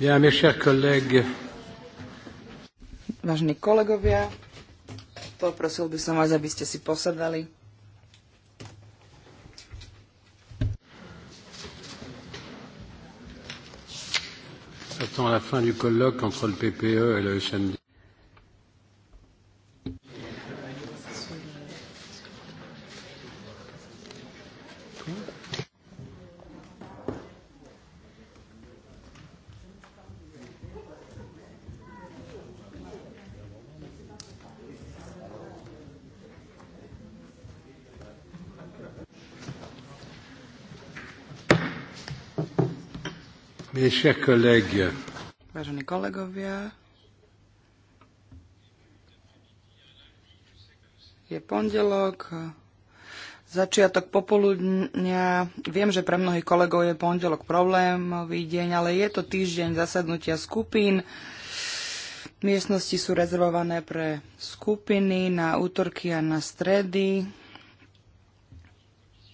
Ja, mes chers collègues. Vážení kolegovia, poprosil by som vás, aby ste si posadali. Attends la fin du colloque entre le PPE et le SND. Vážení kolegovia, je pondelok, začiatok popoludnia. Viem, že pre mnohých kolegov je pondelok problémový deň, ale je to týždeň zasadnutia skupín. Miestnosti sú rezervované pre skupiny na útorky a na stredy.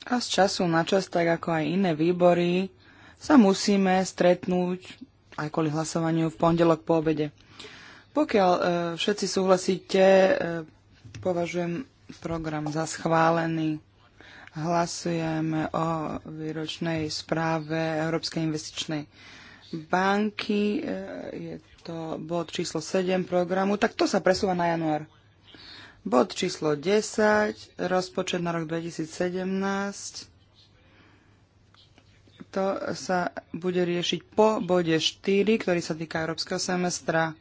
A z času na čas, tak ako aj iné výbory, sa musíme stretnúť aj kvôli hlasovaniu v pondelok po obede. Pokiaľ e, všetci súhlasíte, e, považujem program za schválený. Hlasujeme o výročnej správe Európskej investičnej banky. E, je to bod číslo 7 programu, tak to sa presúva na január. Bod číslo 10, rozpočet na rok 2017 to sa bude riešiť po bode 4, ktorý sa týka európskeho semestra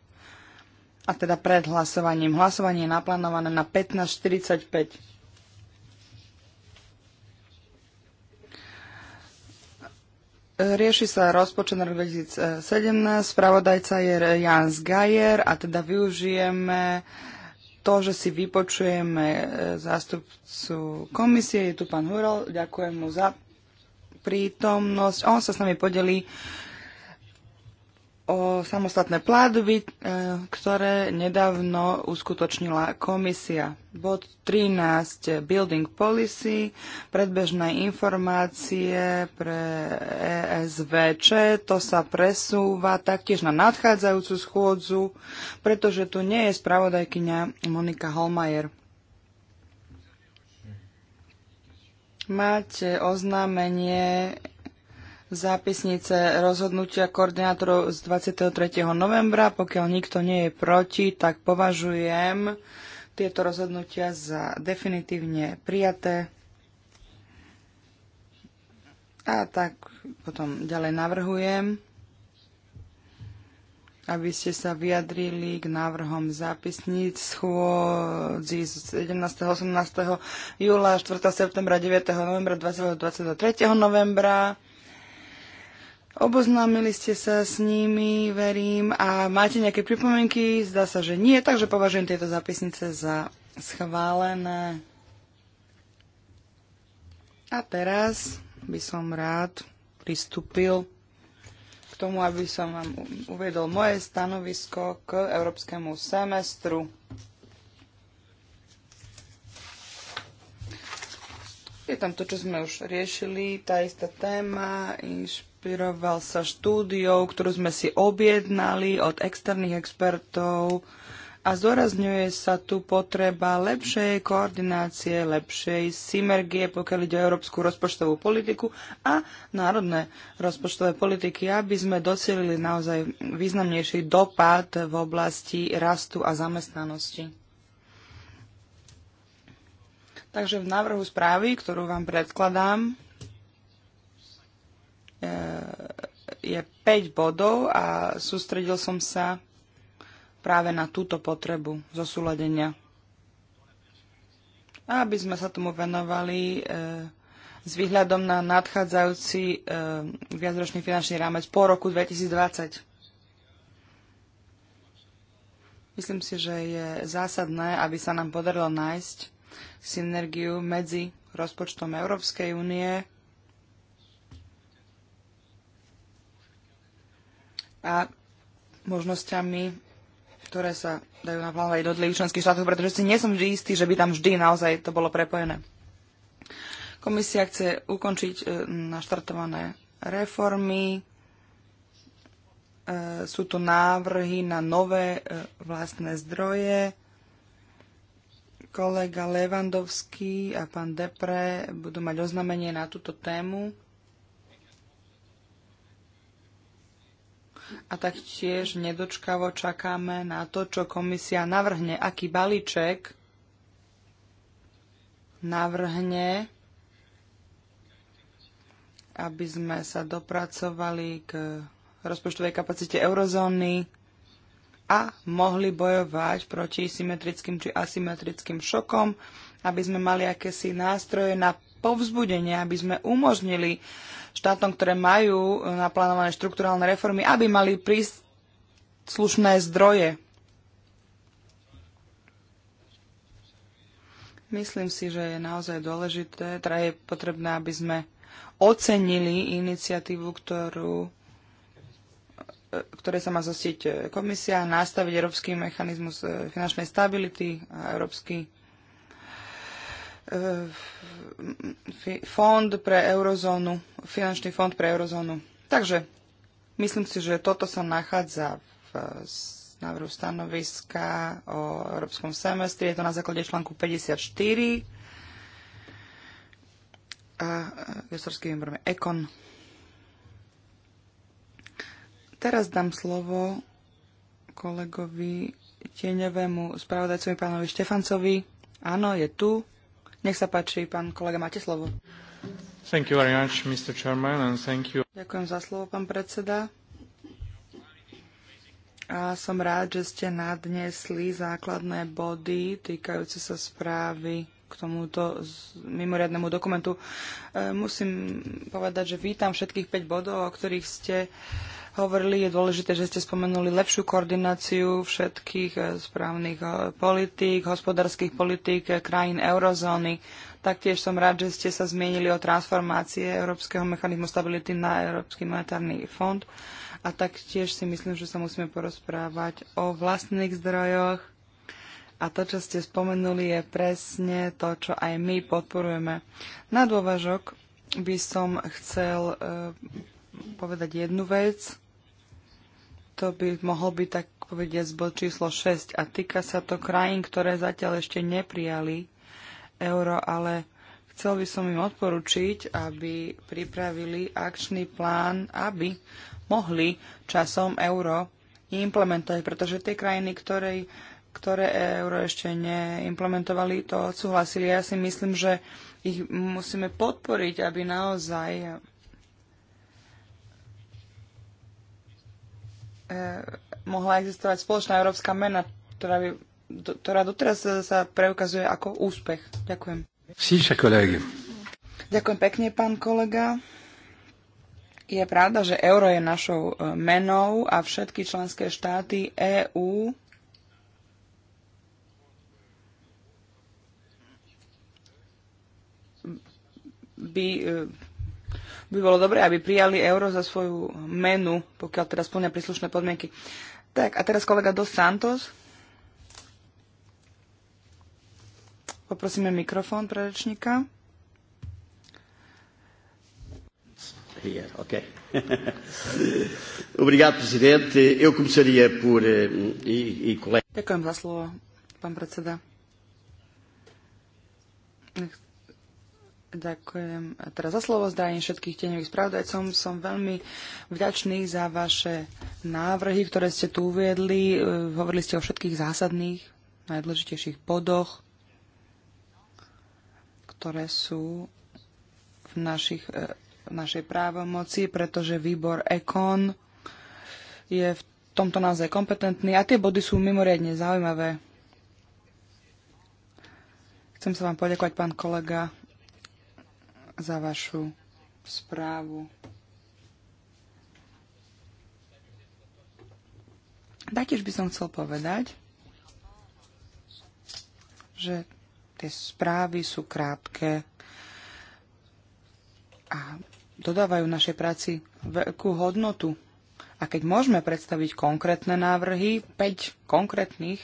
a teda pred hlasovaním. Hlasovanie je naplánované na 15.45. Rieši sa rozpočet na rok 2017, spravodajca je Jans Gajer a teda využijeme to, že si vypočujeme eh, zástupcu komisie, je tu pán Hural, ďakujem mu za prítomnosť. On sa s nami podelí o samostatné pládby, e, ktoré nedávno uskutočnila komisia. Bod 13. Building Policy, predbežné informácie pre ESVČ, to sa presúva taktiež na nadchádzajúcu schôdzu, pretože tu nie je spravodajkyňa Monika Holmajer. Máte oznámenie zápisnice rozhodnutia koordinátorov z 23. novembra. Pokiaľ nikto nie je proti, tak považujem tieto rozhodnutia za definitívne prijaté. A tak potom ďalej navrhujem aby ste sa vyjadrili k návrhom zápisníc schôdzi z 17. 18. júla, 4. septembra, 9. novembra, 23. novembra. Oboznámili ste sa s nimi, verím, a máte nejaké pripomienky? Zdá sa, že nie, takže považujem tieto zápisnice za schválené. A teraz by som rád pristúpil tomu, aby som vám uvedol moje stanovisko k európskemu semestru. Je tam to, čo sme už riešili, tá istá téma, inšpiroval sa štúdiou, ktorú sme si objednali od externých expertov a zdôrazňuje sa tu potreba lepšej koordinácie, lepšej synergie, pokiaľ ide o európsku rozpočtovú politiku a národné rozpočtové politiky, aby sme dosielili naozaj významnejší dopad v oblasti rastu a zamestnanosti. Takže v návrhu správy, ktorú vám predkladám, e, je 5 bodov a sústredil som sa práve na túto potrebu zosúladenia. A aby sme sa tomu venovali e, s výhľadom na nadchádzajúci e, viacročný finančný rámec po roku 2020. Myslím si, že je zásadné, aby sa nám podarilo nájsť synergiu medzi rozpočtom Európskej únie a možnosťami ktoré sa dajú do tých členských štátov, pretože si nie som vždy istý, že by tam vždy naozaj to bolo prepojené. Komisia chce ukončiť e, naštartované reformy. E, sú tu návrhy na nové e, vlastné zdroje. Kolega Levandovský a pán Depre budú mať oznámenie na túto tému. a taktiež nedočkavo čakáme na to, čo komisia navrhne, aký balíček navrhne, aby sme sa dopracovali k rozpočtovej kapacite eurozóny a mohli bojovať proti symetrickým či asymetrickým šokom, aby sme mali akési nástroje na povzbudenie, aby sme umožnili štátom, ktoré majú naplánované štrukturálne reformy, aby mali príslušné zdroje. Myslím si, že je naozaj dôležité, teda je potrebné, aby sme ocenili iniciatívu, ktorú e, ktoré sa má zostiť komisia, nastaviť európsky mechanizmus e, finančnej stability a európsky Eh, fond pre eurozónu, finančný fond pre eurozónu. Takže myslím si, že toto sa nachádza v návrhu stanoviska o európskom semestri. Je to na základe článku 54 a eh, gestorský výbor Ekon. Teraz dám slovo kolegovi tieňovému spravodajcovi pánovi Štefancovi. Áno, je tu. Nech sa páči, pán kolega, máte slovo. Thank you very much, Mr. Chairman, and thank you. Ďakujem za slovo, pán predseda. A som rád, že ste nadnesli základné body týkajúce sa správy k tomuto mimoriadnemu dokumentu. E, musím povedať, že vítam všetkých 5 bodov, o ktorých ste uh, hovorili. Je dôležité, že ste spomenuli lepšiu koordináciu všetkých eh, správnych eh, politík, hospodárskych politík eh, krajín eurozóny. Taktiež som rád, že ste sa zmienili o transformácie Európskeho mechanizmu stability na Európsky monetárny fond. A taktiež si myslím, že sa musíme porozprávať o vlastných zdrojoch. A to, čo ste spomenuli, je presne to, čo aj my podporujeme. Na dôvažok by som chcel e, povedať jednu vec to by mohol byť tak povediať bod číslo 6 a týka sa to krajín, ktoré zatiaľ ešte neprijali euro, ale chcel by som im odporučiť, aby pripravili akčný plán, aby mohli časom euro implementovať, pretože tie krajiny, ktoré, ktoré euro ešte neimplementovali, to odsúhlasili. Ja si myslím, že ich musíme podporiť, aby naozaj Eh, mohla existovať spoločná európska mena, ktorá, by, do, ktorá doteraz sa preukazuje ako úspech. Ďakujem. Síša, kolegy. Ďakujem pekne, pán kolega. Je pravda, že euro je našou eh, menou a všetky členské štáty EÚ by eh, by bolo dobré, aby prijali euro za svoju menu, pokiaľ teraz splňa príslušné podmienky. Tak, a teraz kolega Dos Santos. Poprosíme mikrofón pre rečníka. Yeah, okay. Obrigado, presidente. Eu começaria por... Eh, e, e... Ďakujem za slovo, pán predseda. Nech... Ďakujem teraz za slovo. Zdravím všetkých tieňových spravodajcom. Som veľmi vďačný za vaše návrhy, ktoré ste tu uviedli. E, hovorili ste o všetkých zásadných, najdôležitejších bodoch, ktoré sú v našich, v e, našej právomoci, pretože výbor EKON je v tomto naozaj kompetentný a tie body sú mimoriadne zaujímavé. Chcem sa vám poďakovať, pán kolega za vašu správu. Taktiež by som chcel povedať, že tie správy sú krátke a dodávajú našej práci veľkú hodnotu. A keď môžeme predstaviť konkrétne návrhy, 5 konkrétnych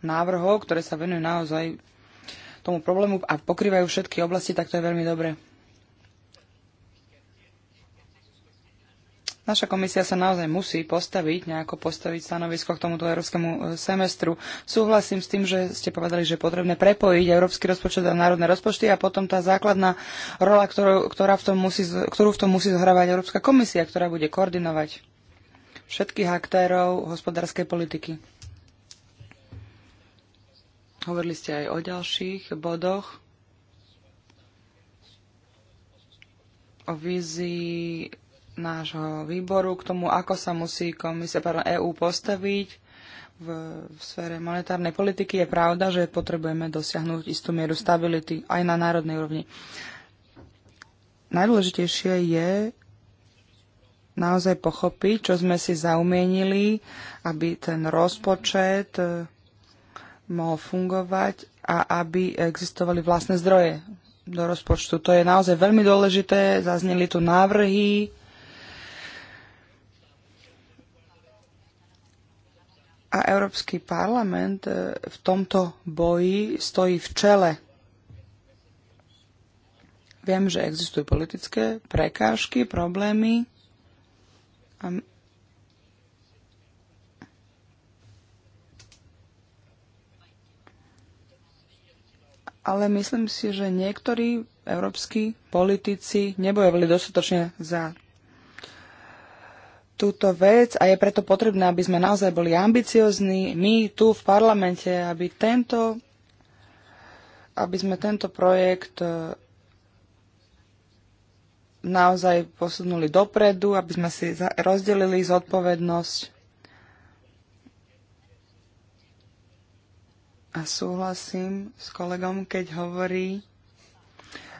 návrhov, ktoré sa venujú naozaj tomu problému a pokrývajú všetky oblasti, tak to je veľmi dobre. Naša komisia sa naozaj musí postaviť, nejako postaviť stanovisko k tomuto európskemu e, semestru. Súhlasím s tým, že ste povedali, že je potrebné prepojiť európsky rozpočet a národné rozpočty a potom tá základná rola, ktorú, ktorá v tom musí, ktorú v tom musí zohrávať Európska komisia, ktorá bude koordinovať všetkých aktérov hospodárskej politiky. Hovorili ste aj o ďalších bodoch. O vízii nášho výboru k tomu, ako sa musí komisia pardon, EÚ postaviť v, v sfére monetárnej politiky. Je pravda, že potrebujeme dosiahnuť istú mieru stability aj na národnej úrovni. Najdôležitejšie je naozaj pochopiť, čo sme si zaumienili, aby ten rozpočet e, mohol fungovať a aby existovali vlastné zdroje do rozpočtu. To je naozaj veľmi dôležité. Zazneli tu návrhy a Európsky parlament e, v tomto boji stojí v čele. Viem, že existujú politické prekážky, problémy a ale myslím si, že niektorí európsky politici nebojovali dostatočne za túto vec a je preto potrebné, aby sme naozaj boli ambiciozní my tu v parlamente, aby tento aby sme tento projekt e, naozaj posunuli dopredu, aby sme si rozdelili zodpovednosť a súhlasím s kolegom, keď hovorí,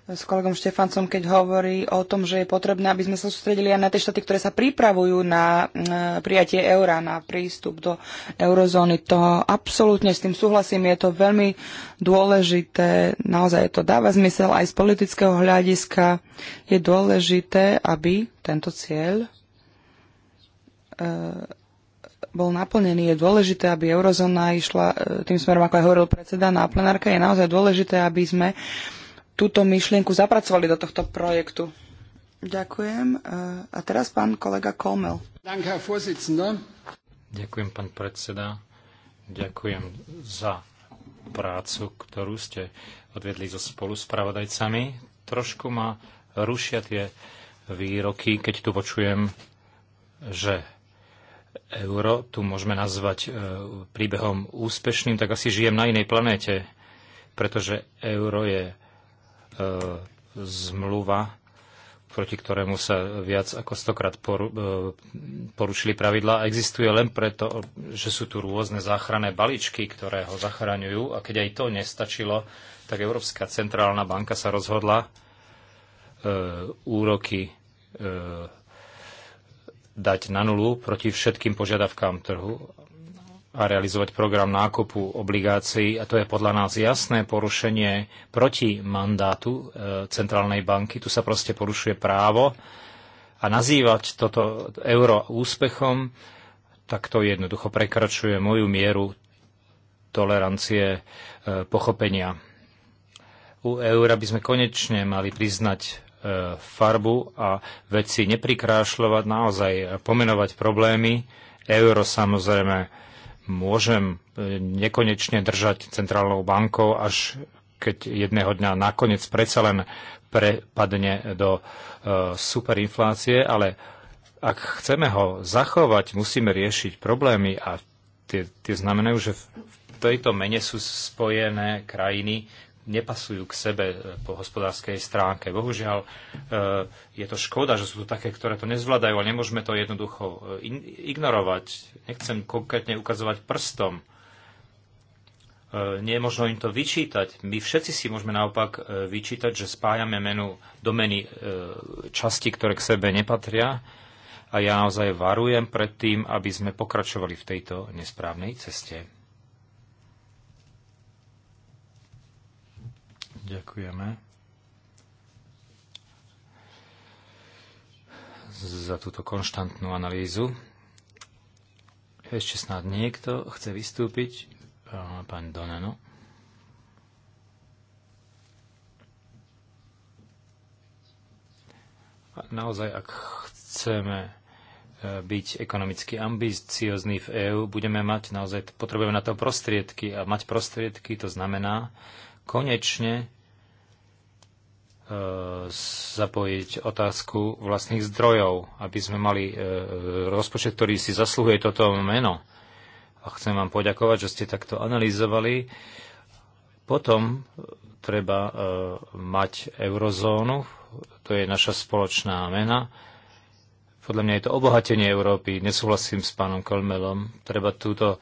s kolegom Štefancom, keď hovorí o tom, že je potrebné, aby sme sa sústredili aj na tie štáty, ktoré sa pripravujú na e, prijatie eura, na prístup do eurozóny. To absolútne s tým súhlasím, je to veľmi dôležité, naozaj to dáva zmysel aj z politického hľadiska. Je dôležité, aby tento cieľ e, bol naplnený. Je dôležité, aby eurozóna išla e, tým smerom, ako aj hovoril predseda na plenárke. Je naozaj dôležité, aby sme uh, túto myšlienku zapracovali do tohto projektu. Ďakujem. A teraz pán kolega Komel. Ďakujem, pán predseda. Ďakujem za prácu, ktorú ste odvedli so spoluspravodajcami. Trošku ma rušia tie výroky, keď tu počujem, že euro tu môžeme nazvať e, príbehom úspešným, tak asi žijem na inej planéte, pretože euro je E, zmluva, proti ktorému sa viac ako stokrát e, porušili pravidla, existuje len preto, že sú tu rôzne záchranné balíčky, ktoré ho zachraňujú. A keď aj to nestačilo, tak Európska centrálna banka sa rozhodla e, úroky e, dať na nulu proti všetkým požiadavkám trhu a realizovať program nákupu obligácií a to je podľa nás jasné porušenie proti mandátu e, Centrálnej banky. Tu sa proste porušuje právo a nazývať toto euro úspechom, tak to jednoducho prekračuje moju mieru tolerancie e, pochopenia. U eura by sme konečne mali priznať e, farbu a veci neprikrášľovať, naozaj pomenovať problémy. Euro samozrejme môžem e, nekonečne držať centrálnou bankou, až keď jedného dňa nakoniec predsa len prepadne do e, superinflácie, ale ak chceme ho zachovať, musíme riešiť problémy a tie, tie znamenajú, že v tejto mene sú spojené krajiny, nepasujú k sebe e, po hospodárskej stránke. Bohužiaľ, e, je to škoda, že sú tu také, ktoré to nezvládajú a nemôžeme to jednoducho e, ignorovať. Nechcem konkrétne ukazovať prstom. Nie je možno im to vyčítať. My všetci si môžeme naopak vyčítať, že spájame menu domeny časti, ktoré k sebe nepatria. A ja naozaj varujem pred tým, aby sme pokračovali v tejto nesprávnej ceste. Ďakujeme za túto konštantnú analýzu. Ešte snad niekto chce vystúpiť? Pán Donano. Naozaj, ak chceme e, byť ekonomicky ambiciozný v EÚ, budeme mať naozaj, potrebujeme na to prostriedky a mať prostriedky to znamená, konečne e, zapojiť otázku vlastných zdrojov, aby sme mali e, rozpočet, ktorý si zasluhuje toto meno. A chcem vám poďakovať, že ste takto analyzovali. Potom treba e, mať eurozónu, to je naša spoločná mena. Podľa mňa je to obohatenie Európy, nesúhlasím s pánom Kolmelom. Treba túto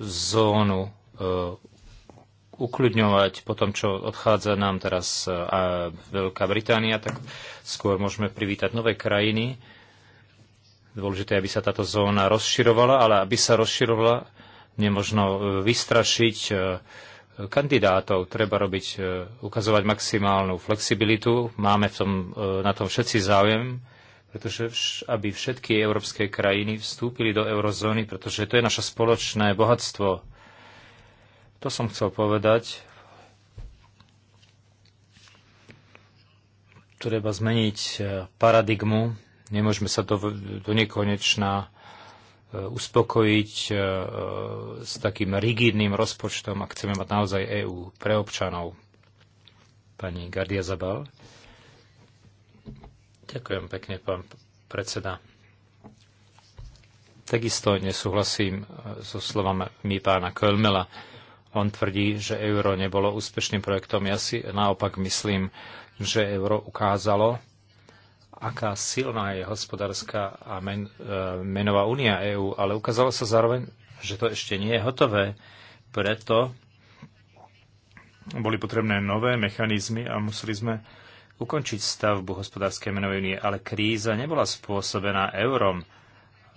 zónu ukľudňovať po tom, čo odchádza nám teraz e, a Veľká Británia, tak skôr môžeme privítať nové krajiny. Dôležité, aby sa táto zóna rozširovala, ale aby sa rozširovala, nemožno e, vystrašiť e, kandidátov. Treba robiť, ukazovať maximálnu flexibilitu. Máme v tom, na tom všetci záujem, pretože aby všetky európske krajiny vstúpili do eurozóny, pretože to je naše spoločné bohatstvo to som chcel povedať. Treba zmeniť eh, paradigmu. Nemôžeme sa do, do nekonečna eh, uspokojiť eh, s takým rigidným rozpočtom, ak chceme mať naozaj EÚ pre občanov. Pani Gardia Zabal. Ďakujem pekne, pán predseda. Takisto nesúhlasím so slovami pána Kölmela on tvrdí, že euro nebolo úspešným projektom. Ja si naopak myslím, že euro ukázalo, aká silná je hospodárska a men, e, menová únia EÚ, ale ukázalo sa zároveň, že to ešte nie je hotové. Preto boli potrebné nové mechanizmy a museli sme ukončiť stavbu hospodárskej menovej únie. Ale kríza nebola spôsobená eurom.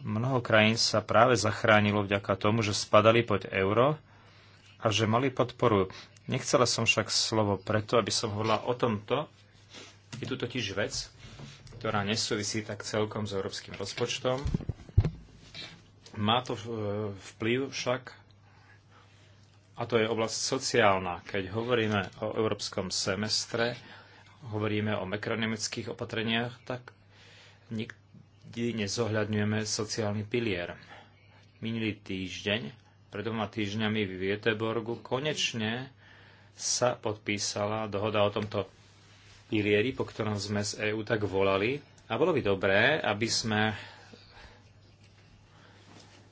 Mnoho krajín sa práve zachránilo vďaka tomu, že spadali pod euro, a že mali podporu. Nechcela som však slovo preto, aby som hovorila o tomto. Je tu totiž vec, ktorá nesúvisí tak celkom s európskym rozpočtom. Má to vplyv však, a to je oblasť sociálna. Keď hovoríme o európskom semestre, hovoríme o makronomických opatreniach, tak nikdy nezohľadňujeme sociálny pilier. Minulý týždeň pred dvoma týždňami v Vieteborgu, konečne sa podpísala dohoda o tomto pilieri, po ktorom sme z EÚ tak volali. A bolo by dobré, aby sme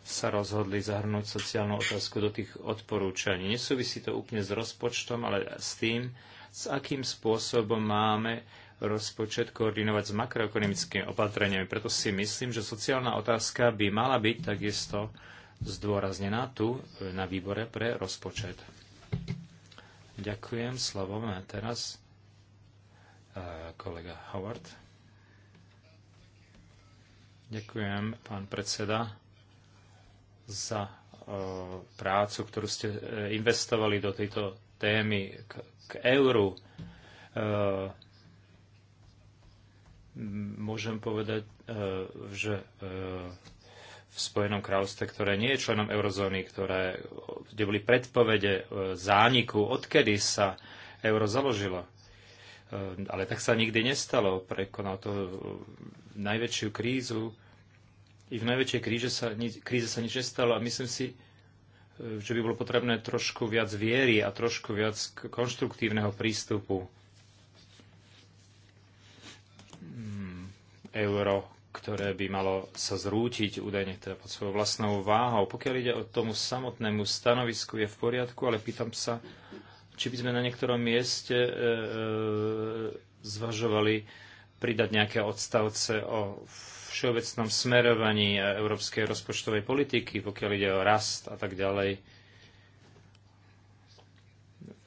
sa rozhodli zahrnúť sociálnu otázku do tých odporúčaní. Nesúvisí to úplne s rozpočtom, ale s tým, s akým spôsobom máme rozpočet koordinovať s makroekonomickými opatreniami. Preto si myslím, že sociálna otázka by mala byť takisto zdôraznená tu e, na výbore pre rozpočet. Ďakujem. Slovo má teraz e, kolega Howard. Ďakujem, pán predseda, za e, prácu, ktorú ste investovali do tejto témy k, k euru. Môžem povedať, že v Spojenom kráľovstve, ktoré nie je členom eurozóny, ktoré, kde boli predpovede e, zániku, odkedy sa euro založilo. E, ale tak sa nikdy nestalo. Prekonal to e, najväčšiu krízu. I v najväčšej kríze sa, kríze sa nič nestalo a myslím si, že by bolo potrebné trošku viac viery a trošku viac konštruktívneho prístupu hmm, euro ktoré by malo sa zrútiť údajne teda pod svojou vlastnou váhou. Pokiaľ ide o tomu samotnému stanovisku, je v poriadku, ale pýtam sa, či by sme na niektorom mieste e, e zvažovali pridať nejaké odstavce o všeobecnom smerovaní e, európskej rozpočtovej politiky, pokiaľ ide o rast a tak ďalej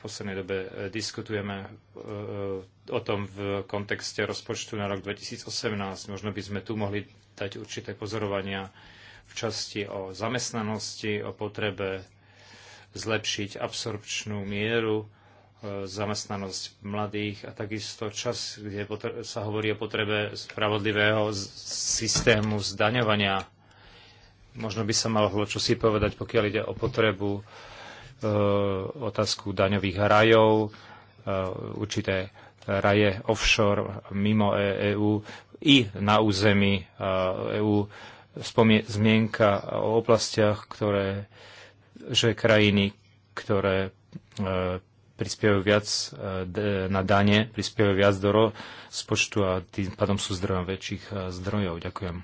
poslednej dobe e, diskutujeme e, e, o tom v kontexte rozpočtu na rok 2018. Možno by sme tu mohli dať určité pozorovania v časti o zamestnanosti, o potrebe zlepšiť absorpčnú mieru, zamestnanosť mladých a takisto čas, kde sa hovorí o potrebe spravodlivého systému zdaňovania. Možno by sa malo čosi povedať, pokiaľ ide o potrebu Eh, otázku daňových rajov, eh, určité raje offshore mimo EÚ e i na území EÚ eh, e zmienka o oblastiach, ktoré, že krajiny, ktoré prispievajú viac na dane, prispievajú viac do rozpočtu a tým pádom sú zdrojom väčších zdrojov. Ďakujem.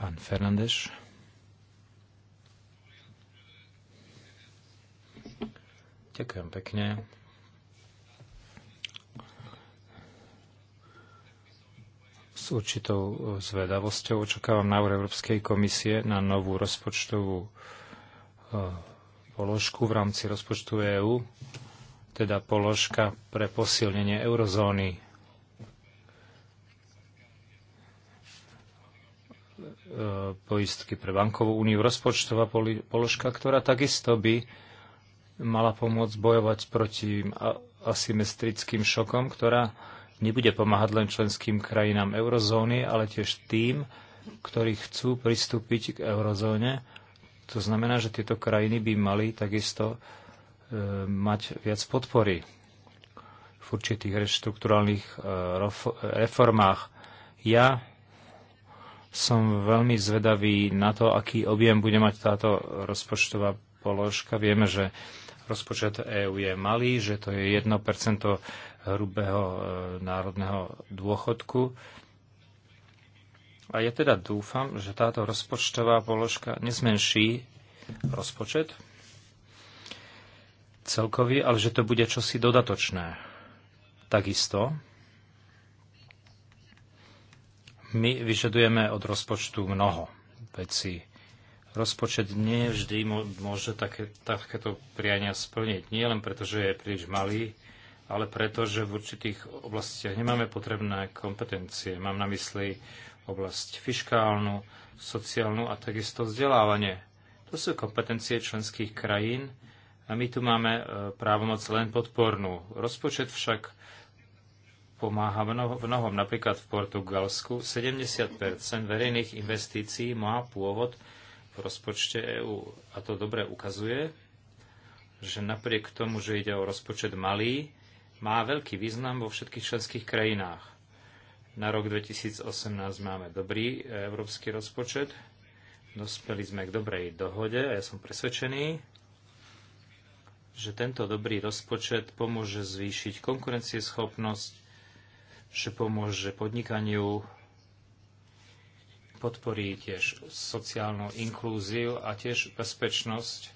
Pán Fernández. Ďakujem pekne. S určitou eh, zvedavosťou očakávam návrh Európskej komisie na novú rozpočtovú eh, položku v rámci rozpočtu EÚ, teda položka pre posilnenie eurozóny. Eh, poistky pre bankovú úniu, rozpočtová položka, ktorá takisto by mala pomôcť bojovať proti asymetrickým šokom, ktorá nebude pomáhať len členským krajinám eurozóny, ale tiež tým, ktorí chcú pristúpiť k eurozóne. To znamená, že tieto krajiny by mali takisto e, mať viac podpory v určitých reštrukturálnych e, reformách. Ja som veľmi zvedavý na to, aký objem bude mať táto rozpočtová položka. Vieme, že rozpočet EÚ je malý, že to je 1% hrubého e, národného dôchodku. A ja teda dúfam, že táto rozpočtová položka nezmenší rozpočet celkový, ale že to bude čosi dodatočné. Takisto my vyžadujeme od rozpočtu mnoho vecí Rozpočet nie vždy môže také, takéto priania splniť. Nie len preto, že je príliš malý, ale preto, že v určitých oblastiach nemáme potrebné kompetencie. Mám na mysli oblasť fiškálnu, sociálnu a takisto vzdelávanie. To sú kompetencie členských krajín a my tu máme e, právomoc len podpornú. Rozpočet však pomáha v mnohom. Napríklad v Portugalsku 70 verejných investícií má pôvod rozpočte EÚ. A to dobre ukazuje, že napriek tomu, že ide o rozpočet malý, má veľký význam vo všetkých členských krajinách. Na rok 2018 máme dobrý európsky rozpočet. Dospeli sme k dobrej dohode a ja som presvedčený, že tento dobrý rozpočet pomôže zvýšiť konkurencieschopnosť, že pomôže podnikaniu podporí tiež sociálnu inklúziu a tiež bezpečnosť,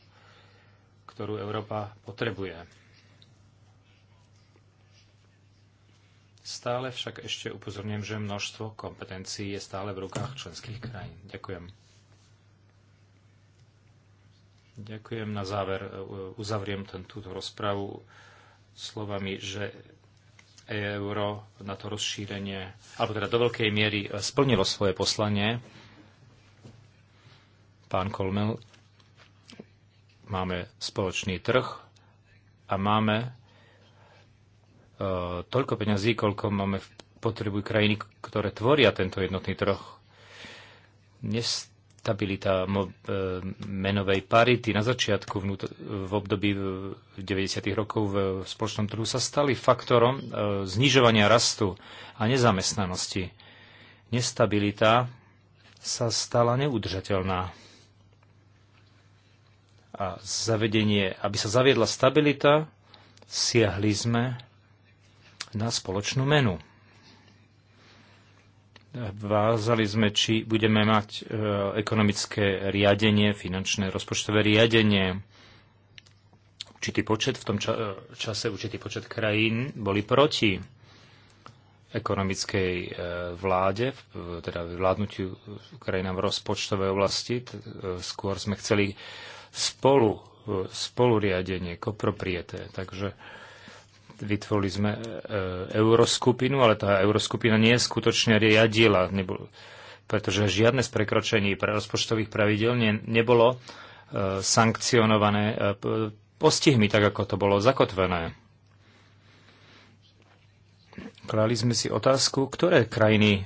ktorú Európa potrebuje. Stále však ešte upozorňujem, že množstvo kompetencií je stále v rukách členských krajín. Ďakujem. Ďakujem. Na záver e, uzavriem túto rozpravu slovami, že euro na to rozšírenie, alebo teda do veľkej miery e, splnilo svoje poslanie. Pán Kolmel, máme spoločný trh a máme e, toľko peňazí, koľko máme v potrebu krajiny, ktoré tvoria tento jednotný trh. Dnes stabilita e, menovej parity na začiatku v období 90. rokov v spoločnom trhu sa stali faktorom e, znižovania rastu a nezamestnanosti. Nestabilita sa stala neudržateľná. A zavedenie, aby sa zaviedla stabilita, siahli sme na spoločnú menu. Vázali sme, či budeme mať e, ekonomické riadenie, finančné rozpočtové riadenie. Určitý počet, v tom ča- e, čase určitý počet krajín boli proti ekonomickej e, vláde, teda vládnutiu krajinám v rozpočtovej oblasti. Skôr sme chceli spolu, spoluriadenie, koproprieté. Takže Vytvorili sme e, e, euroskupinu, ale tá euroskupina nie je skutočne riadila, nebol, pretože žiadne z prekročení pre rozpočtových pravidel ne, nebolo e, sankcionované e, postihmi, tak ako to bolo zakotvené. Klali sme si otázku, ktoré krajiny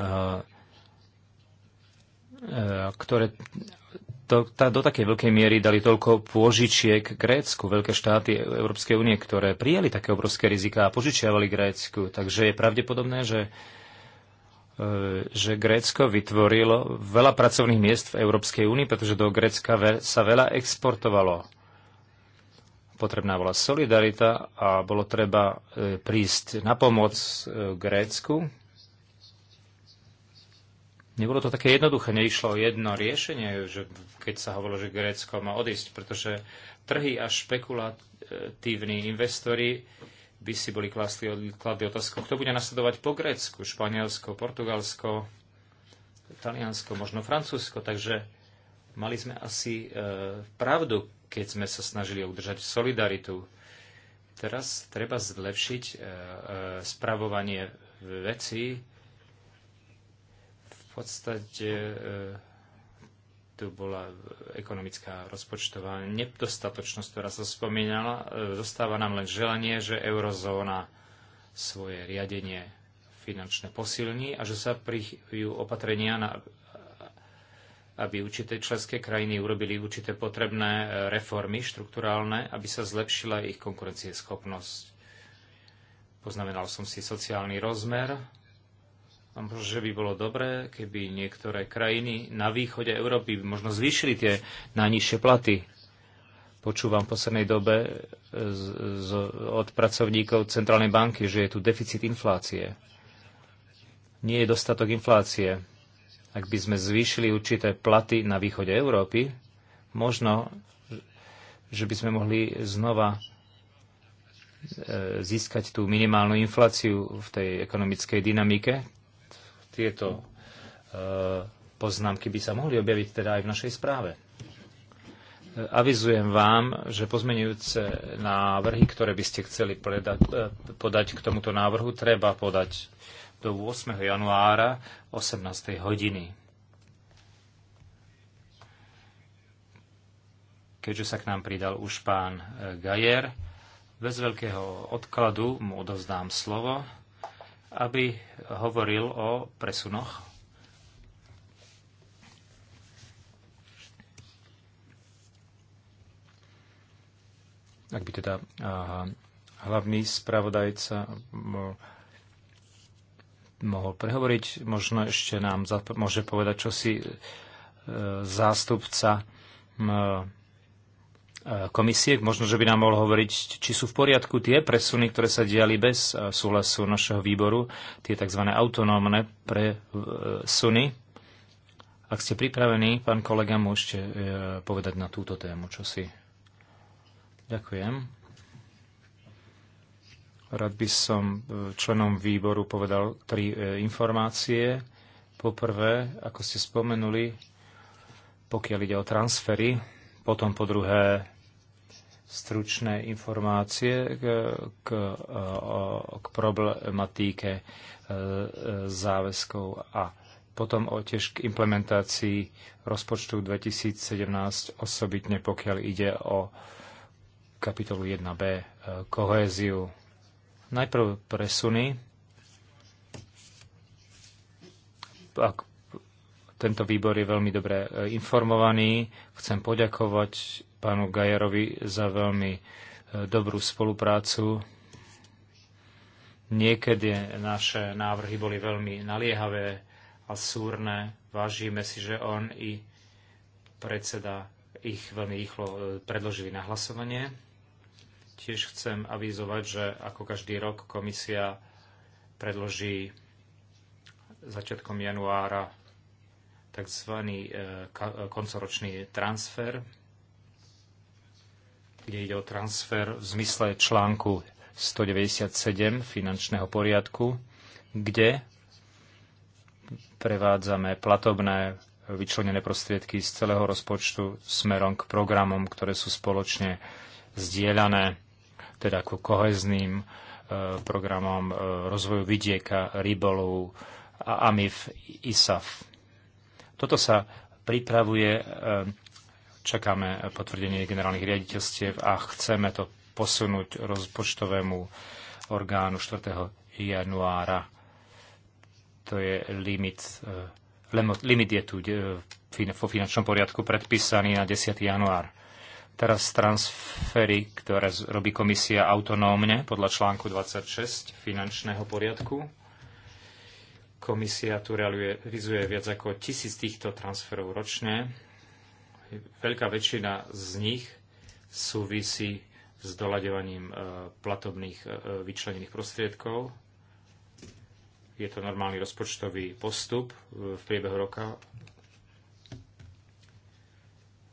e, e, ktoré do, tá, do takej veľkej miery dali toľko pôžičiek Grécku, veľké štáty Európskej únie, ktoré prijali také obrovské rizika a požičiavali Grécku. Takže je pravdepodobné, že, e, že Grécko vytvorilo veľa pracovných miest v Európskej únii, pretože do Grécka sa veľa exportovalo. Potrebná bola solidarita a bolo treba e, prísť na pomoc e, Grécku Nebolo to také jednoduché, neišlo o jedno riešenie, že keď sa hovorilo, že Grécko má odísť, pretože trhy a špekulatívni investori by si boli klasli, kladli otázku, kto bude nasledovať po Grécku, Španielsko, Portugalsko, Taliansko, možno Francúzsko. Takže mali sme asi e, pravdu, keď sme sa snažili udržať solidaritu. Teraz treba zlepšiť e, e, spravovanie vecí, podstate e, tu bola ekonomická rozpočtová nedostatočnosť, ktorá sa spomínala. E, zostáva nám len želanie, že eurozóna svoje riadenie finančné posilní a že sa prijú opatrenia, na, aby určité členské krajiny urobili určité potrebné e, reformy štrukturálne, aby sa zlepšila ich konkurencieschopnosť. Poznamenal som si sociálny rozmer že by bolo dobré, keby niektoré krajiny na východe Európy možno zvýšili tie najnižšie platy. Počúvam v poslednej dobe e, z, z, od pracovníkov Centrálnej banky, že je tu deficit inflácie. Nie je dostatok inflácie. Ak by sme zvýšili určité platy na východe Európy, možno, že by sme mohli znova e, získať tú minimálnu infláciu v tej ekonomickej dynamike. Tieto e, poznámky by sa mohli objaviť teda aj v našej správe. E, avizujem vám, že pozmenujúce návrhy, ktoré by ste chceli predať, e, podať k tomuto návrhu, treba podať do 8. januára 18. hodiny. Keďže sa k nám pridal už pán Gajer, bez veľkého odkladu mu odovzdám slovo aby hovoril o presunoch. Ak by teda aha, hlavný spravodajca mohol prehovoriť, možno ešte nám môže povedať, čo si e, zástupca komisiek. Možno, že by nám mohol hovoriť, či sú v poriadku tie presuny, ktoré sa diali bez e, súhlasu našeho výboru, tie tzv. autonómne presuny. Ak ste pripravení, pán kolega, môžete e, povedať na túto tému, čo si. Ďakujem. Rád by som e, členom výboru povedal tri informácie. Poprvé, ako ste spomenuli, pokiaľ ide o transfery, potom po druhé stručné informácie k, k, k problematike e, e, záväzkov a potom tiež k implementácii rozpočtu 2017 osobitne pokiaľ ide o kapitolu 1b e, kohéziu. Najprv presuny. Ak tento výbor je veľmi dobre informovaný. Chcem poďakovať pánu Gajerovi za veľmi e, dobrú spoluprácu. Niekedy naše návrhy boli veľmi naliehavé a súrne. Vážime si, že on i predseda ich veľmi rýchlo e, predložili na hlasovanie. Tiež chcem avizovať, že ako každý rok komisia predloží začiatkom januára tzv. E, koncoročný transfer kde ide o transfer v zmysle článku 197 finančného poriadku, kde prevádzame platobné vyčlenené prostriedky z celého rozpočtu smerom k programom, ktoré sú spoločne zdieľané, teda ku kohezným e, programom e, rozvoju vidieka, rybolov a AMIF, ISAF. Toto sa pripravuje e, čakáme potvrdenie generálnych riaditeľstiev a chceme to posunúť rozpočtovému orgánu 4. januára. To je limit, eh, limit je tu eh, vo finančnom poriadku predpísaný na 10. január. Teraz transfery, ktoré robí komisia autonómne podľa článku 26 finančného poriadku. Komisia tu realizuje viac ako tisíc týchto transferov ročne veľká väčšina z nich súvisí s doľaďovaním e, platobných e, vyčlenených prostriedkov. Je to normálny rozpočtový postup e, v priebehu roka.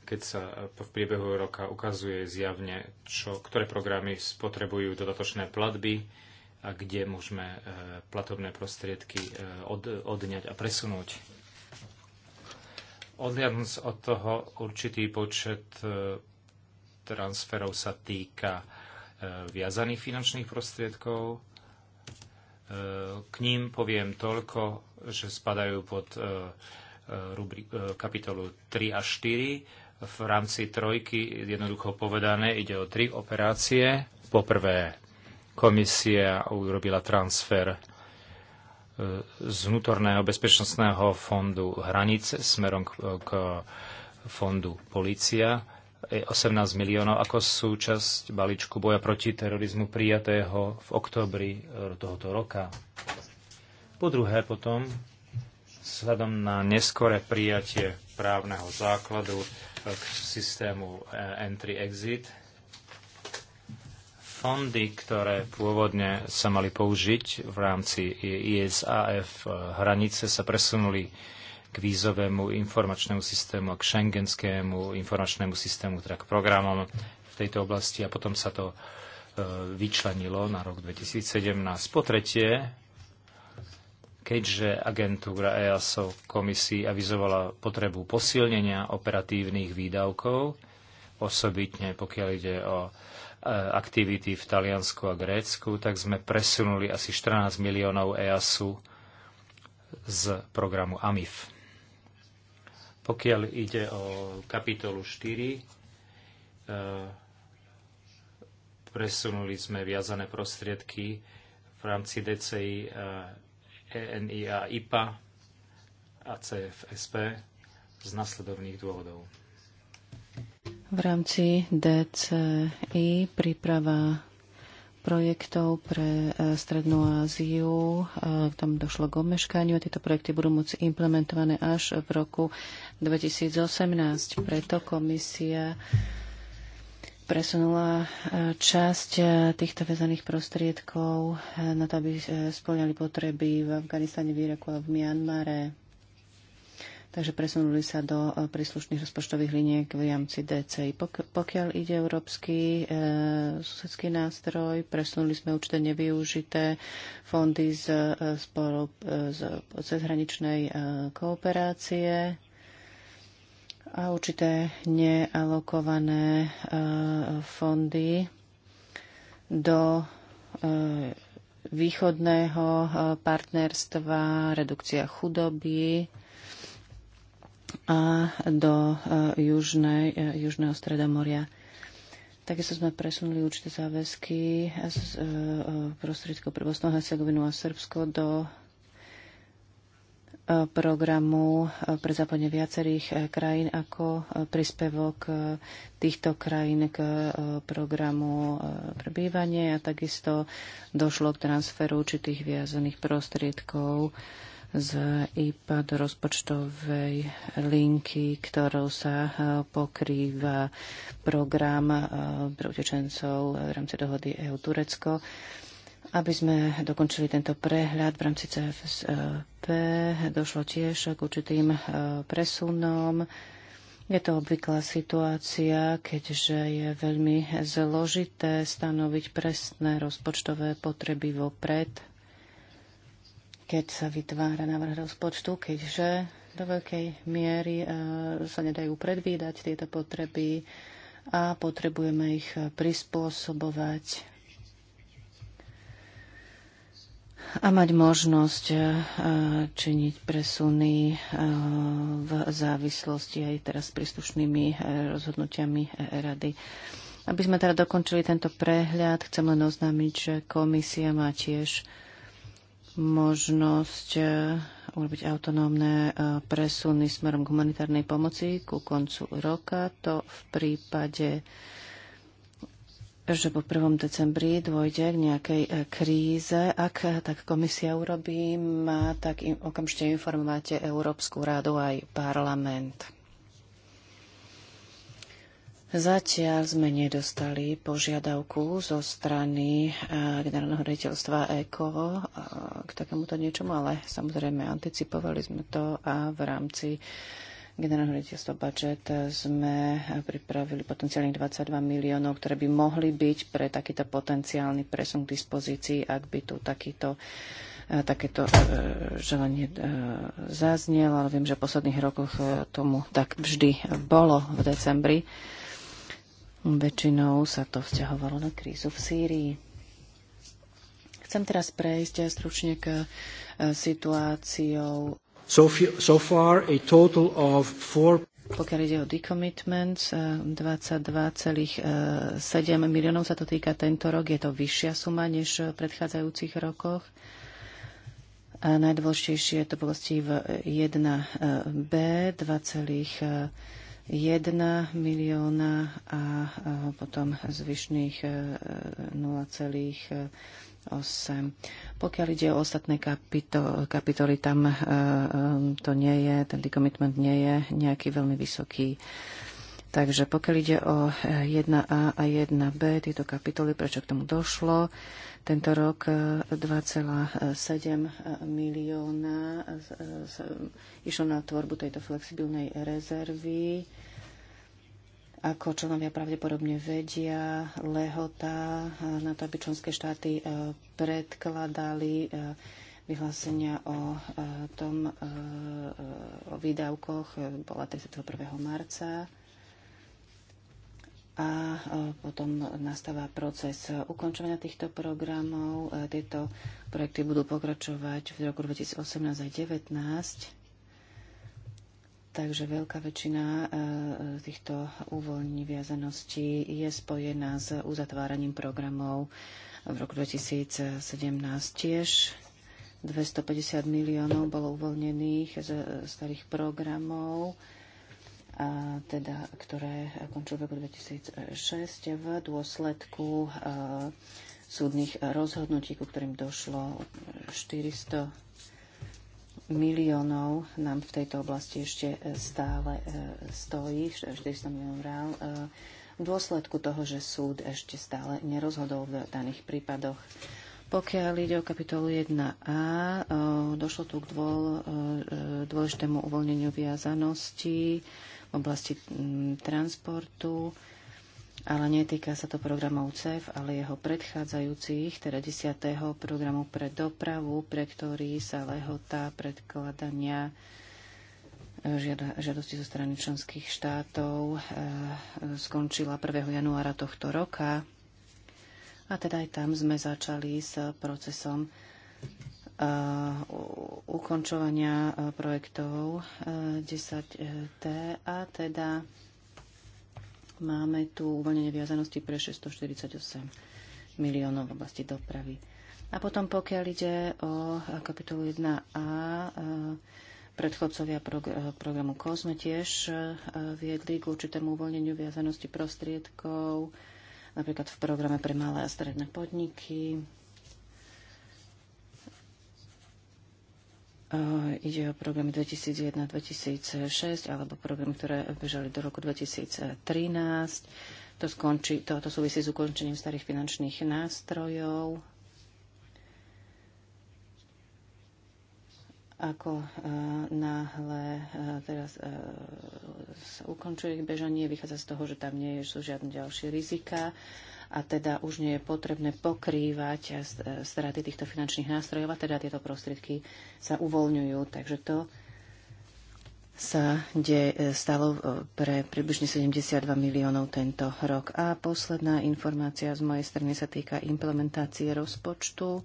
Keď sa v priebehu roka ukazuje zjavne, čo, ktoré programy spotrebujú dodatočné platby a kde môžeme platobné prostriedky od, odňať a presunúť Odliadnúc od toho, určitý počet e, transferov sa týka e, viazaných finančných prostriedkov. E, k ním poviem toľko, že spadajú pod kapitolu 3 a 4. V rámci trojky, jednoducho povedané, ide o tri operácie. Poprvé, komisia urobila transfer z vnútorného bezpečnostného fondu hranic smerom k, k fondu Polícia 18 miliónov ako súčasť balíčku boja proti terorizmu prijatého v oktobri eh, tohoto roka. Po druhé potom, vzhľadom na neskore prijatie právneho základu eh, k systému eh, entry-exit, fondy, ktoré pôvodne sa mali použiť v rámci ISAF, eh, hranice sa presunuli k vízovému informačnému systému a k šengenskému informačnému systému, teda k programom v tejto oblasti a potom sa to eh, vyčlenilo na rok 2017. Po tretie, keďže agentúra EASO komisii avizovala potrebu posilnenia operatívnych výdavkov, osobitne pokiaľ ide o Eh, aktivity v Taliansku a Grécku, tak sme presunuli asi 14 miliónov EASu z programu AMIF. Pokiaľ ide o kapitolu 4, eh, presunuli sme viazané prostriedky v rámci DCI, ENI eh, e a IPA a CFSP z nasledovných dôvodov. V rámci DCI príprava projektov pre e, Strednú Áziu. E, Tam došlo k omeškaniu a tieto projekty budú môcť implementované až v roku 2018. Preto komisia presunula e, časť týchto väzaných prostriedkov na to, aby spĺňali potreby v Afganistane, v Iraku a v Mianmare takže presunuli sa do e, príslušných rozpočtových liniek v rámci DCI. Pokiaľ ide európsky e, susedský nástroj, presunuli sme určité nevyužité fondy z, e, spolu, e, z cezhraničnej e, kooperácie a určité nealokované e, fondy do východného partnerstva, redukcia chudoby, a do e, južnej, e, južného stredomoria. Takisto sme presunuli určité záväzky z e, prostriedkov pre Bosnu, Hercegovinu a Srbsko do programu pre zapojenie viacerých krajín ako príspevok týchto krajín k programu pre bývanie a takisto došlo k transferu určitých viazených prostriedkov z IPAD rozpočtovej linky, ktorou sa e, pokrýva program e, pre utečencov v rámci dohody EU-Turecko. Aby sme dokončili tento prehľad v rámci CFSP, došlo tiež k určitým e, presunom. Je to obvyklá situácia, keďže je veľmi zložité stanoviť presné rozpočtové potreby vopred keď sa vytvára návrh rozpočtu, keďže do veľkej miery e, sa nedajú predvídať tieto potreby a potrebujeme ich prispôsobovať a mať možnosť e, činiť presuny e, v závislosti aj teraz s príslušnými rozhodnutiami rady. Aby sme teda dokončili tento prehľad, chcem len oznámiť, že komisia má tiež možnosť eh, urobiť autonómne eh, presuny smerom k humanitárnej pomoci ku koncu roka. To v prípade, že po 1. decembri dôjde k nejakej eh, kríze. Ak tak komisia urobí, má tak im okamžite informovate Európsku radu aj parlament. Zatiaľ sme nedostali požiadavku zo strany eh, generálneho rediteľstva ECO eh, k takémuto niečomu, ale samozrejme anticipovali sme to a v rámci generálneho rediteľstva budget sme pripravili potenciálnych 22 miliónov, ktoré by mohli byť pre takýto potenciálny presun k dispozícii, ak by tu takýto eh, takéto želanie zaznelo, ale viem, že v posledných rokoch tomu tak vždy bolo v decembri. Väčšinou sa to vzťahovalo na krízu v Sýrii. Chcem teraz prejsť aj stručne k e, situáciou. So, so far a total of four... Pokiaľ ide o decommitment, 22,7 e, e, miliónov sa to týka tento rok. Je to vyššia suma než v predchádzajúcich rokoch. A najdôležitejšie je to v oblasti v 1B 2,5 1 milióna a potom zvyšných 0,8. E, e, pokiaľ ide o ostatné kapito- kapitoly, tam e, to nie je, ten decommitment nie je nejaký veľmi vysoký. Takže pokiaľ ide o 1A a 1B, tieto kapitoly, prečo k tomu došlo, tento rok 2,7 e, milióna e, e, išlo na tvorbu tejto flexibilnej rezervy. Ako členovia pravdepodobne vedia, lehota na to, aby členské štáty predkladali vyhlásenia o tom, o výdavkoch bola 31. marca a potom nastáva proces ukončovania týchto programov. Tieto projekty budú pokračovať v roku 2018 a 2019. Takže veľká väčšina týchto uvoľní viazaností je spojená s uzatváraním programov v roku 2017 tiež. 250 miliónov bolo uvoľnených z e, starých programov a teda, ktoré končil v roku 2006 v dôsledku súdnych rozhodnutí, ku ktorým došlo 400 miliónov nám v tejto oblasti ešte stále e, stojí, 400 miliónov reál, e, v dôsledku toho, že súd ešte stále nerozhodol v daných prípadoch. Pokiaľ ide o kapitolu 1a, došlo tu k e, dôležitému uvoľneniu viazanosti v oblasti transportu, ale netýka sa to programov CEF, ale jeho predchádzajúcich, teda 10. programu pre dopravu, pre ktorý sa lehota predkladania e, žiadosti zo strany členských štátov e, skončila 1. januára tohto roka. A teda aj tam sme začali s procesom uh, ukončovania uh, projektov 10T uh, a teda máme tu uvoľnenie viazanosti pre 648 miliónov v oblasti dopravy. A potom pokiaľ ide o kapitolu 1a, predchodcovia programu COSME tiež viedli k určitému uvoľneniu viazanosti prostriedkov napríklad v programe pre malé a stredné podniky. E, ide o programy 2001-2006 alebo programy, ktoré bežali do roku 2013. To, skončí, to, to súvisí s ukončením starých finančných nástrojov ako e, náhle e, teraz e, sa ukončuje ich bežanie, vychádza z toho, že tam nie sú žiadne ďalšie rizika a teda už nie je potrebné pokrývať straty týchto finančných nástrojov a teda tieto prostriedky sa uvoľňujú. Takže to sa de, stalo pre približne 72 miliónov tento rok. A posledná informácia z mojej strany sa týka implementácie rozpočtu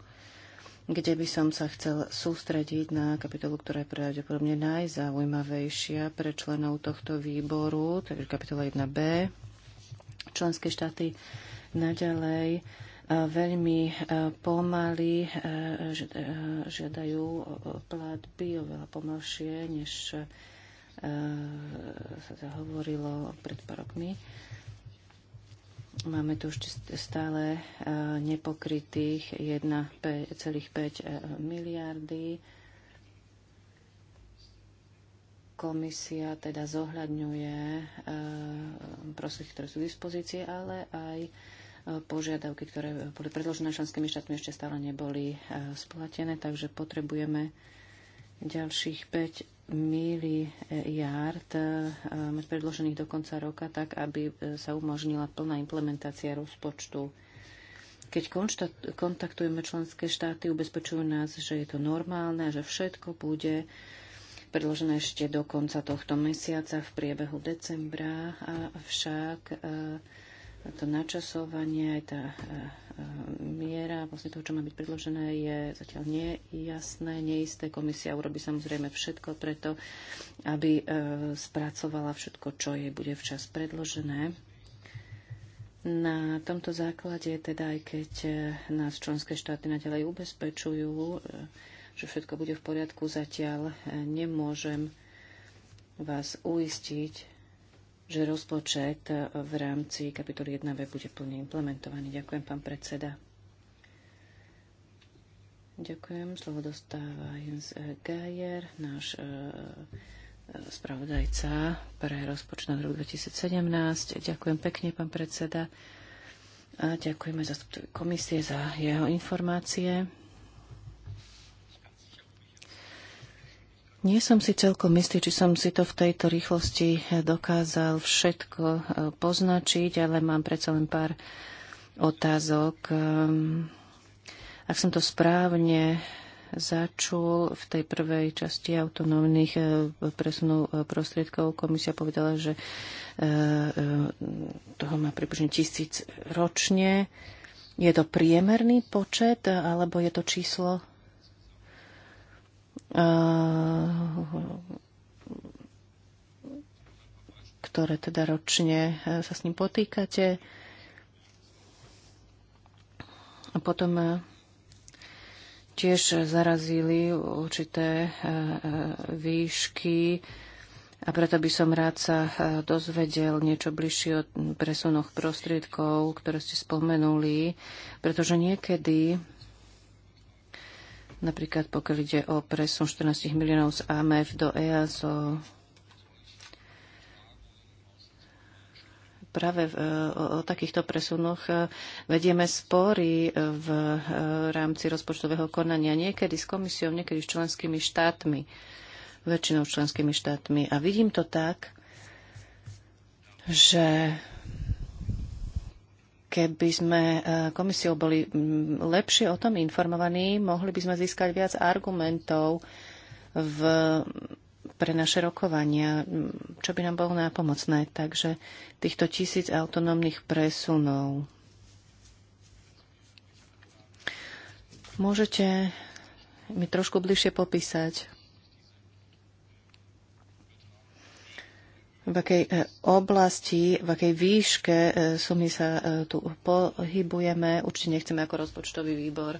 kde by som sa chcel sústrediť na kapitolu, ktorá je pravdepodobne najzaujímavejšia pre členov tohto výboru, takže kapitola 1b. Členské štáty naďalej veľmi pomaly žiadajú platby oveľa pomalšie, než sa hovorilo pred pár rokmi. Máme tu ešte stále e, nepokrytých 1,5 e, miliardy. Komisia teda zohľadňuje e, prostriedky, ktoré sú v dispozícii, ale aj požiadavky, ktoré boli predložené členskými štátmi, ešte stále neboli splatené, takže potrebujeme ďalších 5 miliárd e, e, mať predložených do konca roka, tak aby e, sa umožnila plná implementácia rozpočtu. Keď kontaktujeme členské štáty, ubezpečujú nás, že je to normálne a že všetko bude predložené ešte do konca tohto mesiaca v priebehu decembra. Avšak to načasovanie, aj tá e, e, miera vlastne toho, čo má byť predložené, je zatiaľ nejasné, neisté. Komisia urobí samozrejme všetko preto, aby e, spracovala všetko, čo jej bude včas predložené. Na tomto základe, teda aj keď nás členské štáty naďalej ubezpečujú, že všetko bude v poriadku, zatiaľ nemôžem vás uistiť, že rozpočet e, v rámci kapitoly 1b bude plne implementovaný. Ďakujem, pán predseda. Ďakujem. Slovo dostáva Jens e, Geier, náš e, spravodajca pre rozpočet na rok 2017. Ďakujem pekne, pán predseda. A ďakujeme zastupcovi komisie za jeho informácie. Nie som si celkom istý, či som si to v tejto rýchlosti eh, dokázal všetko eh, poznačiť, ale mám predsa len pár otázok. Ehm, ak som to správne eh, začul v tej prvej časti autonómnych presunov prostriedkov, komisia povedala, že toho má približne tisíc ročne. Je to priemerný počet, alebo je to číslo Eh, ktoré teda ročne eh, sa s ním potýkate. A potom eh, tiež zarazili určité výšky a preto by som rád sa dozvedel niečo bližšie o presunoch prostriedkov, ktoré ste spomenuli, pretože niekedy Napríklad pokiaľ ide o presun 14 miliónov z AMF do EASO, práve v, o, o takýchto presunoch e, vedieme spory v e, rámci rozpočtového konania niekedy s komisiou, niekedy s členskými štátmi, väčšinou členskými štátmi. A vidím to tak, že Keby sme e, komisiou boli mm, lepšie o tom informovaní, mohli by sme získať viac argumentov v, pre naše rokovania, mm, čo by nám bolo nápomocné. Takže týchto tisíc autonómnych presunov. Môžete mi trošku bližšie popísať, v akej e, oblasti, v akej výške e, sumy sa e, tu pohybujeme. Určite nechceme ako rozpočtový výbor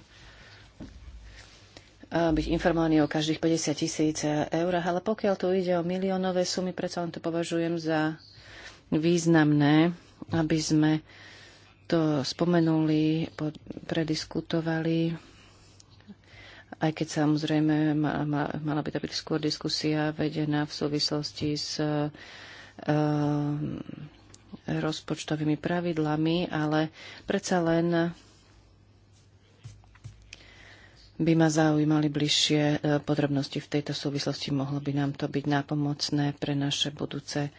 byť informovaný o každých 50 tisíc eur. ale pokiaľ tu ide o miliónové sumy, predsa len to považujem za významné, aby sme to spomenuli, prediskutovali, aj keď samozrejme mala by to byť skôr diskusia vedená v súvislosti s Ehm, rozpočtovými pravidlami, ale predsa len by ma zaujímali bližšie e, podrobnosti v tejto súvislosti. Mohlo by nám to byť nápomocné pre naše budúce e,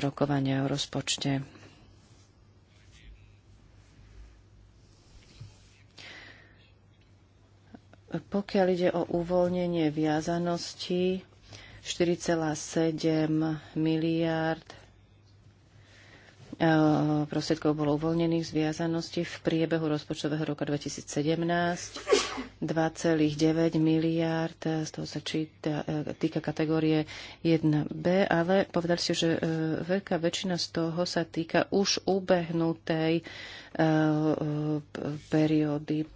rokovania o rozpočte. Pokiaľ ide o uvoľnenie viazanosti, 4,7 miliárd Eh, prostriedkov bolo uvoľnených z viazanosti v priebehu rozpočtového roka 2017 2,9 miliard z toho sa číta, eh, týka kategórie 1B, ale povedali ste, že eh, veľká väčšina z toho sa týka už ubehnutej periódy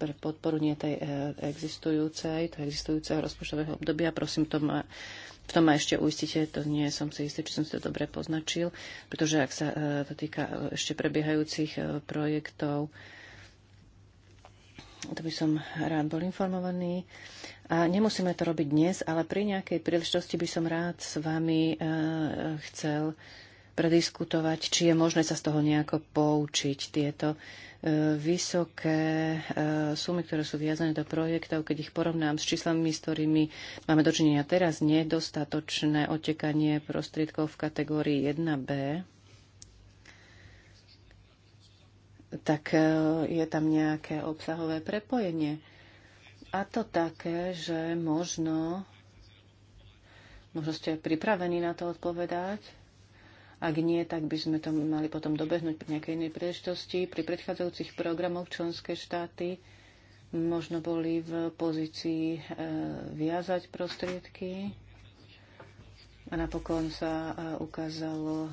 pre podporu nie tej existujúcej, to existujúceho rozpočtového obdobia. Prosím, to ma v tom ma ešte uistite, to nie som si istý, či som si to dobre poznačil, pretože ak sa e, to týka e, ešte prebiehajúcich e, projektov, to by som rád bol informovaný. A nemusíme to robiť dnes, ale pri nejakej príležitosti by som rád s vami chcel prediskutovať, či je možné sa z toho nejako poučiť tieto vysoké eh, sumy, ktoré sú viazané do projektov, keď ich porovnám s číslami, s ktorými máme dočinenia teraz, nedostatočné otekanie prostriedkov v kategórii 1B, tak eh, je tam nejaké obsahové prepojenie. A to také, že možno, možno ste pripravení na to odpovedať, ak nie, tak by sme to mali potom dobehnúť pri nejakej inej príležitosti. Pri predchádzajúcich programoch členské štáty možno boli v pozícii e, viazať prostriedky a napokon sa e, ukázalo,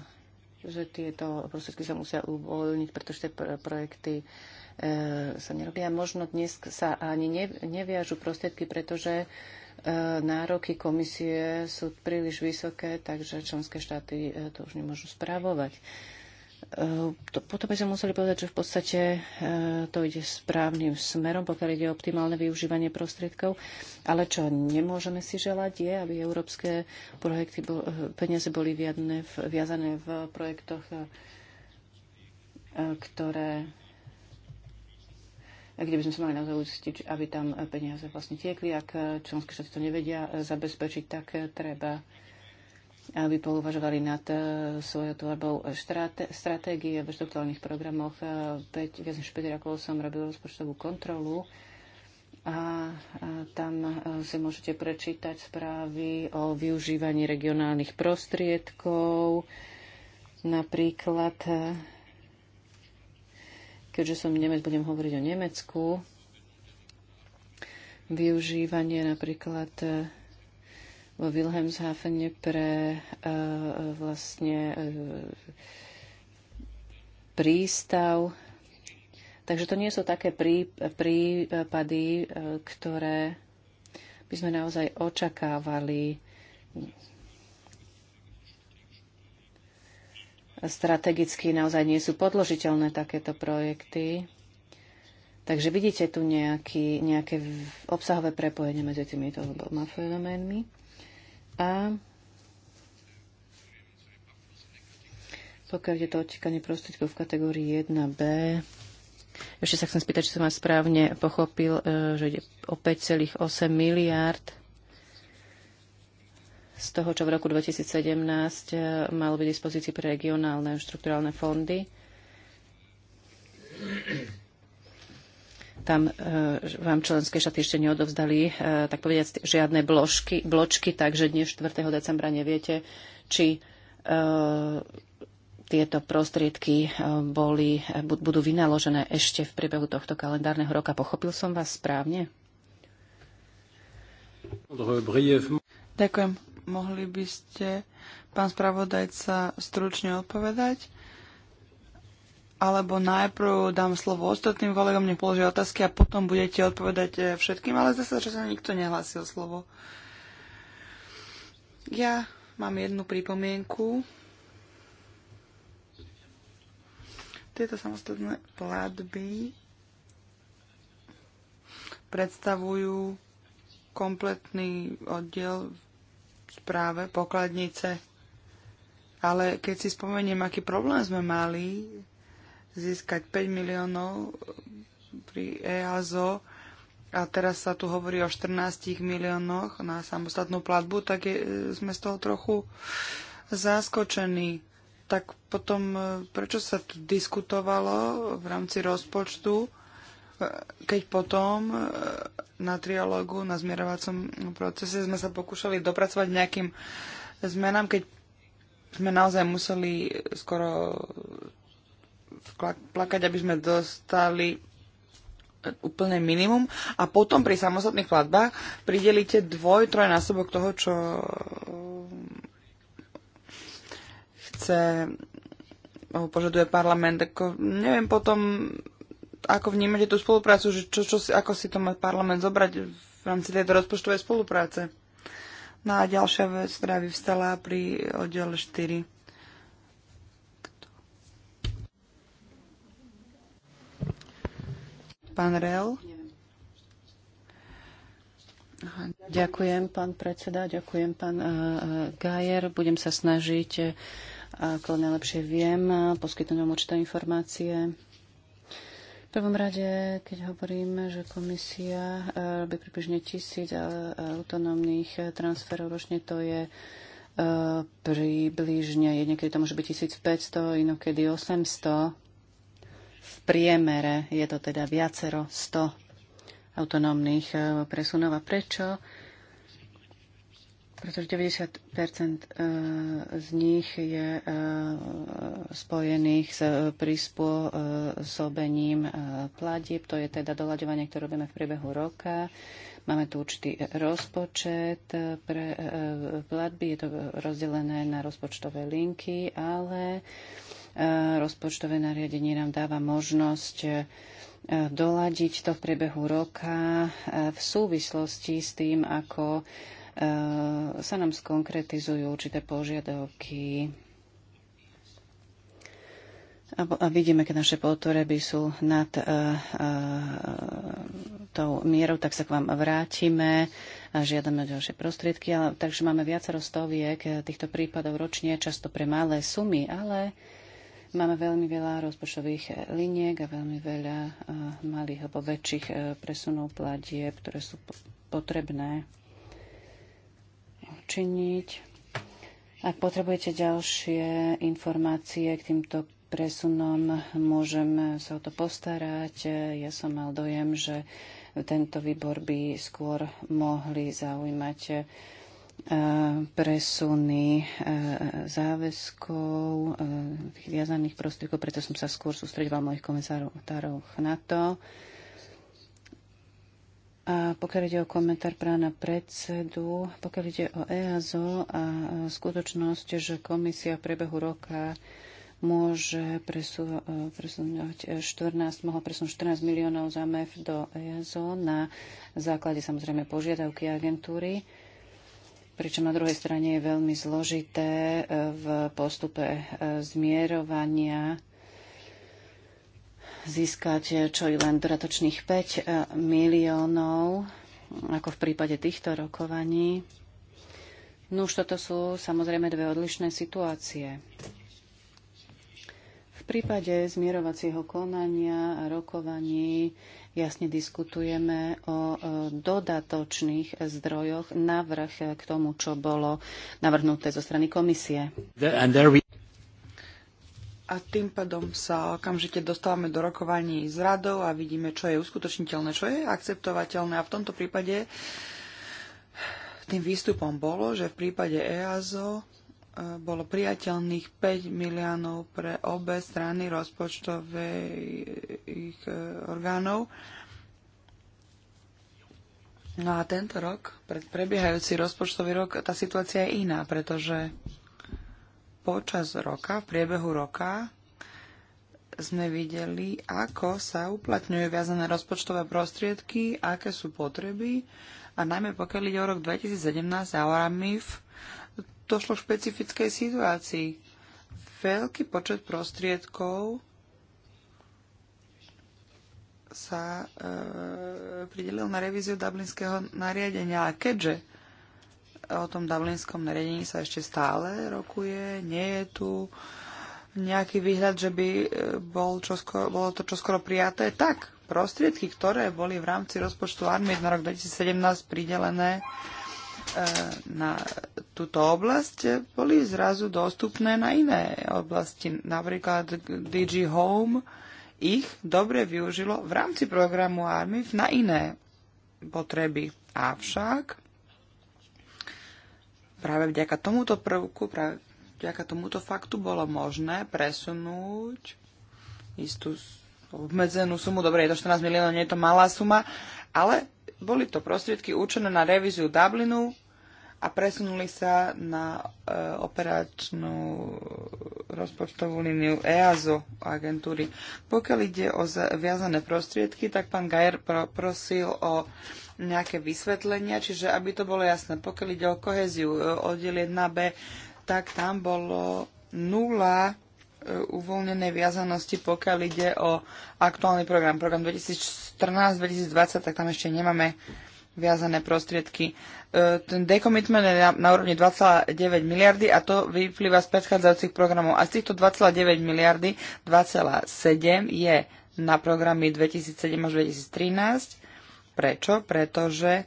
že tieto prostriedky sa musia uvoľniť, pretože tie projekty e, sa nerobia. Možno dnes sa ani neviažu prostriedky, pretože E, nároky komisie sú príliš vysoké, takže členské štáty e, to už nemôžu spravovať. E, to, potom by sme museli povedať, že v podstate e, to ide správnym smerom, pokiaľ ide o optimálne využívanie prostriedkov. Ale čo nemôžeme si želať je, aby európske projekty, bo, peniaze boli viadne v, viazané v projektoch, e, ktoré kde by sme sa mali naozaj uistiť, aby tam peniaze vlastne tiekli. Ak členské štáty to nevedia zabezpečiť, tak treba aby pouvažovali nad eh, svojou tvorbou stratégie v štruktúrnych programoch. 5, eh, viac než 5 rokov som robil rozpočtovú kontrolu a tam eh, si môžete prečítať správy o využívaní regionálnych prostriedkov, napríklad Keďže som Nemec, budem hovoriť o Nemecku. Využívanie napríklad e, vo Wilhelmshafene pre e, vlastne e, prístav. Takže to nie sú také prípady, ktoré by sme naozaj očakávali strategicky naozaj nie sú podložiteľné takéto projekty. Takže vidíte tu nejaký, nejaké obsahové prepojenie medzi týmito oboma fenoménmi. A pokiaľ je to odtekanie prostriedkov v kategórii 1b, ešte sa chcem spýtať, či som vás správne pochopil, e, že ide o 5,8 miliárd z toho, čo v roku 2017 eh, malo byť dispozícii pre regionálne štrukturálne fondy. Tam eh, vám členské štáty ešte neodovzdali, eh, tak povediať, žiadne bložky, bločky, takže dnes 4. decembra neviete, či tieto prostriedky boli, budú vynaložené ešte v priebehu tohto kalendárneho roka. Pochopil som vás správne? Ďakujem mohli by ste, pán spravodajca, stručne odpovedať? Alebo najprv dám slovo ostatným kolegom, nech položia otázky a potom budete odpovedať eh, všetkým, ale zase, že sa nikto nehlásil slovo. Ja mám jednu pripomienku. Tieto samostatné platby predstavujú kompletný oddiel správe pokladnice. Ale keď si spomeniem, aký problém sme mali získať 5 miliónov pri EASO a teraz sa tu hovorí o 14 miliónoch na samostatnú platbu, tak je, sme z toho trochu zaskočení. Tak potom, prečo sa tu diskutovalo v rámci rozpočtu? keď potom e, na trialógu, na zmierovacom procese sme sa pokúšali dopracovať nejakým zmenám, keď sme naozaj museli skoro plakať, aby sme dostali úplne minimum a potom pri samostatných platbách pridelíte dvoj, trojnásobok toho, čo chce, požaduje parlament. Ako, neviem potom, ako vnímate tú spoluprácu, že čo, čo, ako si to má parlament zobrať v rámci tejto rozpočtovej spolupráce? No a ďalšia vec, ktorá vyvstala pri oddiel 4. Pán Rel. Ďakujem, pán predseda, ďakujem, pán eh, eh, Gajer. Budem sa snažiť, eh, ako najlepšie viem, poskytnúť vám určité informácie. V prvom rade, keď hovorím, že komisia e, robí približne tisíc e, autonómnych e, transferov ročne, to je približne, niekedy to môže byť 1500, inokedy 800. V priemere je to teda viacero 100 autonómnych presunov. A prečo? pretože 90 eh, z nich je eh, spojených s eh, prispôsobením platieb. To je teda doľaďovanie, ktoré robíme v priebehu roka. Máme tu určitý rozpočet pre platby, je to rozdelené na rozpočtové linky, ale rozpočtové nariadenie nám dáva možnosť doladiť to v priebehu roka v súvislosti s tým, ako Eh, sa nám skonkretizujú určité požiadavky a vidíme, keď naše potreby sú nad uh, uh, tou mierou, tak sa k vám vrátime a žiadame ďalšie prostriedky. Ale, takže máme viacero stoviek týchto prípadov ročne, často pre malé sumy, ale máme veľmi veľa rozpočtových liniek a veľmi veľa uh, malých alebo väčších uh, presunov platieb, ktoré sú potrebné učiniť. Ak potrebujete ďalšie informácie k týmto presunom, môžem sa o to postarať. Ja som mal dojem, že tento výbor by skôr mohli zaujímať e, presuny e, záväzkov, e, viazaných prostriedkov, preto som sa skôr sústredila mojich komisárov na to. A pokiaľ ide o komentár prána predsedu, pokiaľ ide o EASO a e, skutočnosť, že komisia v priebehu roka môže e, presunúť 14, e, mohol presunúť 14 miliónov za MEF do EASO na základe samozrejme požiadavky agentúry, pričom na druhej strane je veľmi zložité v postupe zmierovania získať eh, čo i len dodatočných 5 eh, miliónov, ako v prípade týchto rokovaní. No už toto sú samozrejme dve odlišné situácie. V prípade zmierovacieho konania a rokovaní jasne diskutujeme o eh, dodatočných zdrojoch navrh k tomu, čo bolo navrhnuté zo strany komisie. And there we... A tým pádom sa okamžite dostávame do rokovaní s radou a vidíme, čo je uskutočniteľné, čo je akceptovateľné. A v tomto prípade tým výstupom bolo, že v prípade EASO e, bolo priateľných 5 miliónov pre obe strany rozpočtových e, orgánov. No a tento rok, pred prebiehajúci rozpočtový rok, tá situácia je iná, pretože počas roka, v priebehu roka sme videli, ako sa uplatňujú viazané rozpočtové prostriedky, aké sú potreby a najmä pokiaľ ide o rok 2017 a to došlo k špecifickej situácii. Veľký počet prostriedkov sa e, pridelil na revíziu Dublinského nariadenia. A keďže o tom dublinskom nariadení sa ešte stále rokuje, nie je tu nejaký výhľad, že by e, bol čoskoro, bolo to čoskoro prijaté. Tak, prostriedky, ktoré boli v rámci rozpočtu armie na rok 2017 pridelené e, na túto oblasť, boli zrazu dostupné na iné oblasti. Napríklad DG Home ich dobre využilo v rámci programu Army na iné potreby. Avšak práve vďaka tomuto prvku, práve vďaka tomuto faktu bolo možné presunúť istú obmedzenú sumu, dobre, je to 14 miliónov, nie je to malá suma, ale boli to prostriedky určené na revíziu Dublinu a presunuli sa na e, operačnú rozpočtovú líniu EASO agentúry. Pokiaľ ide o viazané prostriedky, tak pán Gajer pro, prosil o nejaké vysvetlenia, čiže aby to bolo jasné, pokiaľ ide o koheziu e, oddiel 1b, tak tam bolo nula e, uvoľnenej viazanosti, pokiaľ ide o aktuálny program, program 2014-2020, tak tam ešte nemáme viazané prostriedky. E, ten dekomitment je na, na úrovni 2,9 miliardy a to vyplýva z predchádzajúcich programov. A z týchto 2,9 miliardy 2,7 je na programy 2007 až 2013 Prečo? Pretože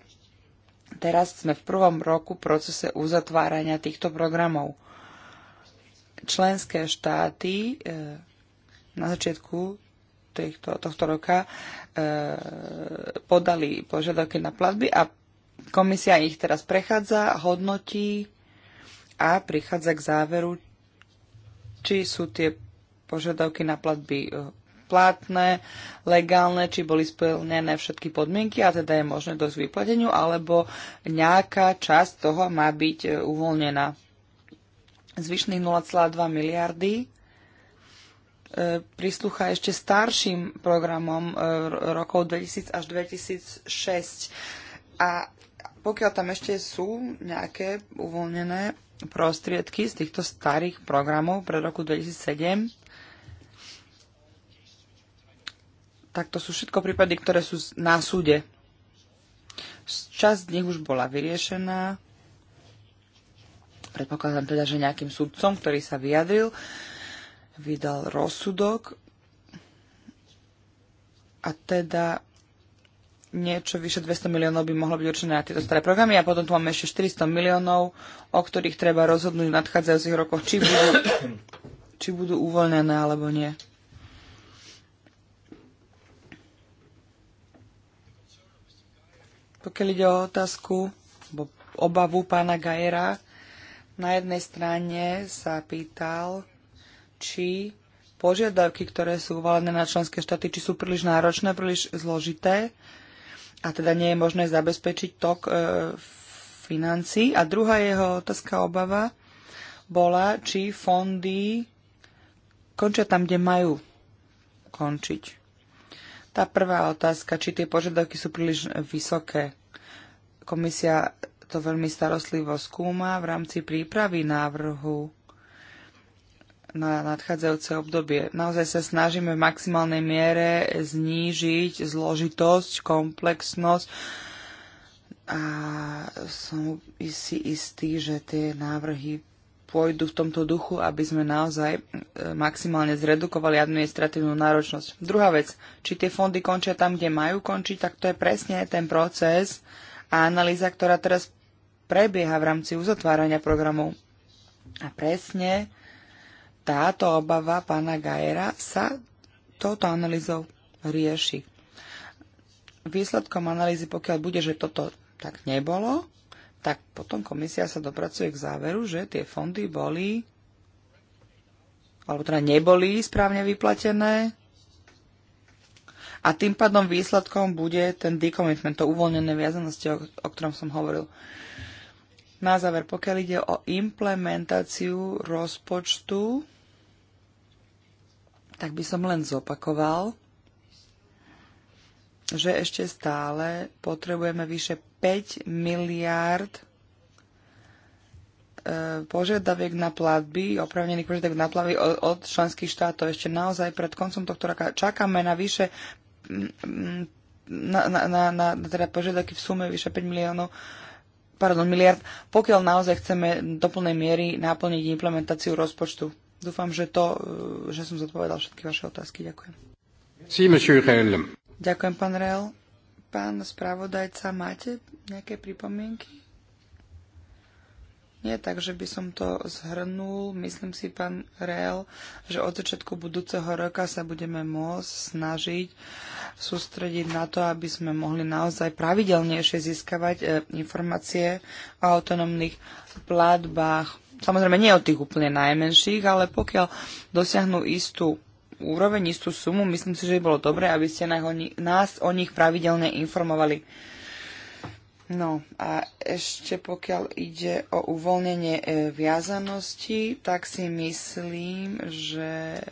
teraz sme v prvom roku procese uzatvárania týchto programov. Členské štáty e, na začiatku týchto, tohto roka e, podali požiadavky na platby a komisia ich teraz prechádza, hodnotí a prichádza k záveru, či sú tie požiadavky na platby e, platné, legálne, či boli splnené všetky podmienky a teda je možné dosť vyplateniu, alebo nejaká časť toho má byť e, uvoľnená. Zvyšných 0,2 miliardy e, prislúcha ešte starším programom e, rokov 2000 až 2006. A pokiaľ tam ešte sú nejaké uvoľnené prostriedky z týchto starých programov pre roku 2007, tak to sú všetko prípady, ktoré sú na súde. Časť z nich už bola vyriešená. Predpokladám teda, že nejakým súdcom, ktorý sa vyjadril, vydal rozsudok a teda niečo vyše 200 miliónov by mohlo byť určené na tieto staré programy a potom tu máme ešte 400 miliónov, o ktorých treba rozhodnúť v nadchádzajúcich rokoch, či budú, či budú uvoľnené alebo nie. Pokiaľ ide o otázku, bo obavu pána Gajera, na jednej strane sa pýtal, či požiadavky, ktoré sú uvalené na členské štáty, či sú príliš náročné, príliš zložité a teda nie je možné zabezpečiť tok e, financí. A druhá jeho otázka obava bola, či fondy končia tam, kde majú končiť. Tá prvá otázka, či tie požiadavky sú príliš vysoké. Komisia to veľmi starostlivo skúma v rámci prípravy návrhu na nadchádzajúce obdobie. Naozaj sa snažíme v maximálnej miere znížiť zložitosť, komplexnosť a som si istý, že tie návrhy pôjdu v tomto duchu, aby sme naozaj e, maximálne zredukovali administratívnu náročnosť. Druhá vec, či tie fondy končia tam, kde majú končiť, tak to je presne ten proces a analýza, ktorá teraz prebieha v rámci uzatvárania programov. A presne táto obava pána Gajera sa touto analýzou rieši. Výsledkom analýzy, pokiaľ bude, že toto tak nebolo, tak potom komisia sa dopracuje k záveru, že tie fondy boli, alebo teda neboli správne vyplatené a tým pádom výsledkom bude ten decommitment, to uvoľnené viazanosti, o, o ktorom som hovoril. Na záver, pokiaľ ide o implementáciu rozpočtu, tak by som len zopakoval, že ešte stále potrebujeme vyše 5 miliárd e, požiadaviek na platby, opravnených požiadaviek na platby od, členských štátov. Ešte naozaj pred koncom tohto roka čakáme na vyše na, na, na, na teda požiadavky v sume vyše 5 miliónov pardon, miliard, pokiaľ naozaj chceme do plnej miery naplniť implementáciu rozpočtu. Dúfam, že to, e, že som zodpovedal všetky vaše otázky. Ďakujem. Sí, Ďakujem, pán Rel. Pán spravodajca, máte nejaké pripomienky? Nie, takže by som to zhrnul. Myslím si, pán Reel, že od začiatku budúceho roka sa budeme môcť snažiť sústrediť na to, aby sme mohli naozaj pravidelnejšie získavať e, informácie o autonómnych platbách. Samozrejme, nie o tých úplne najmenších, ale pokiaľ dosiahnu istú úroveň, istú sumu, myslím si, že by bolo dobré, aby ste nás o nich pravidelne informovali. No a ešte pokiaľ ide o uvoľnenie e, viazanosti, tak si myslím, že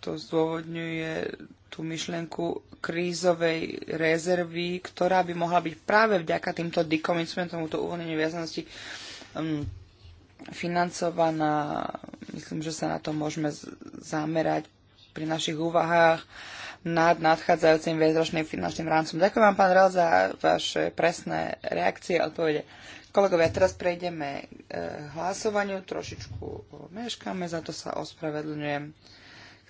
to zdôvodňuje tú myšlienku krízovej rezervy, ktorá by mohla byť práve vďaka týmto decommitmentom, tomuto uvoľneniu viazanosti um, financovaná. Myslím, že sa na to môžeme zamerať pri našich úvahách nad nadchádzajúcim viedročným finančným rámcom. Ďakujem vám, pán Rel, za vaše presné reakcie a odpovede. Kolegovia, teraz prejdeme k eh, hlasovaniu. Trošičku meškáme, za to sa ospravedlňujem.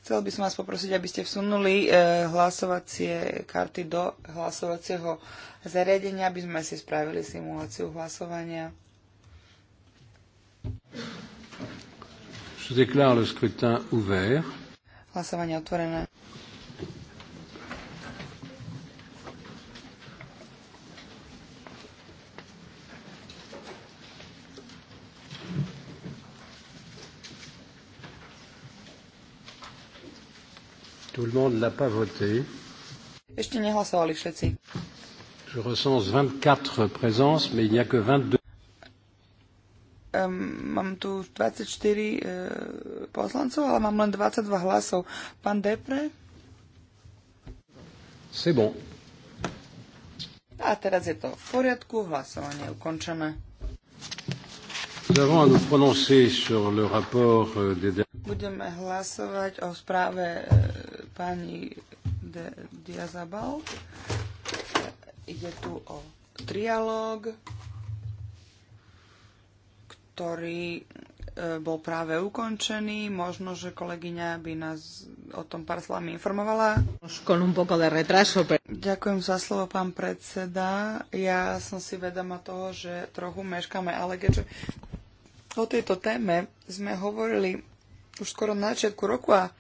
Chcel by som vás poprosiť, aby ste vsunuli eh, hlasovacie karty do hlasovacieho zariadenia, aby sme si spravili simuláciu hlasovania. Je déclare le scrutin ouvert. Hlasovanie otvorené. Tout le monde l'a pas voté. Ešte nehlasovali všetci. Je recense 24 présences, mais il n'y a que 22 Um, mám tu 24 uh, eh, poslancov, ale mám len 22 hlasov. Pán Depre? C'est bon. A teraz je to v poriadku, hlasovanie ukončené. Euh, Budeme hlasovať o správe eh, pani Diazabal. Ide tu o trialóg ktorý e, bol práve ukončený. Možno, že kolegyňa by nás o tom pár slami informovala. Ďakujem za slovo, pán predseda. Ja som si vedoma toho, že trochu meškáme, ale keďže o tejto téme sme hovorili už skoro na začiatku roku a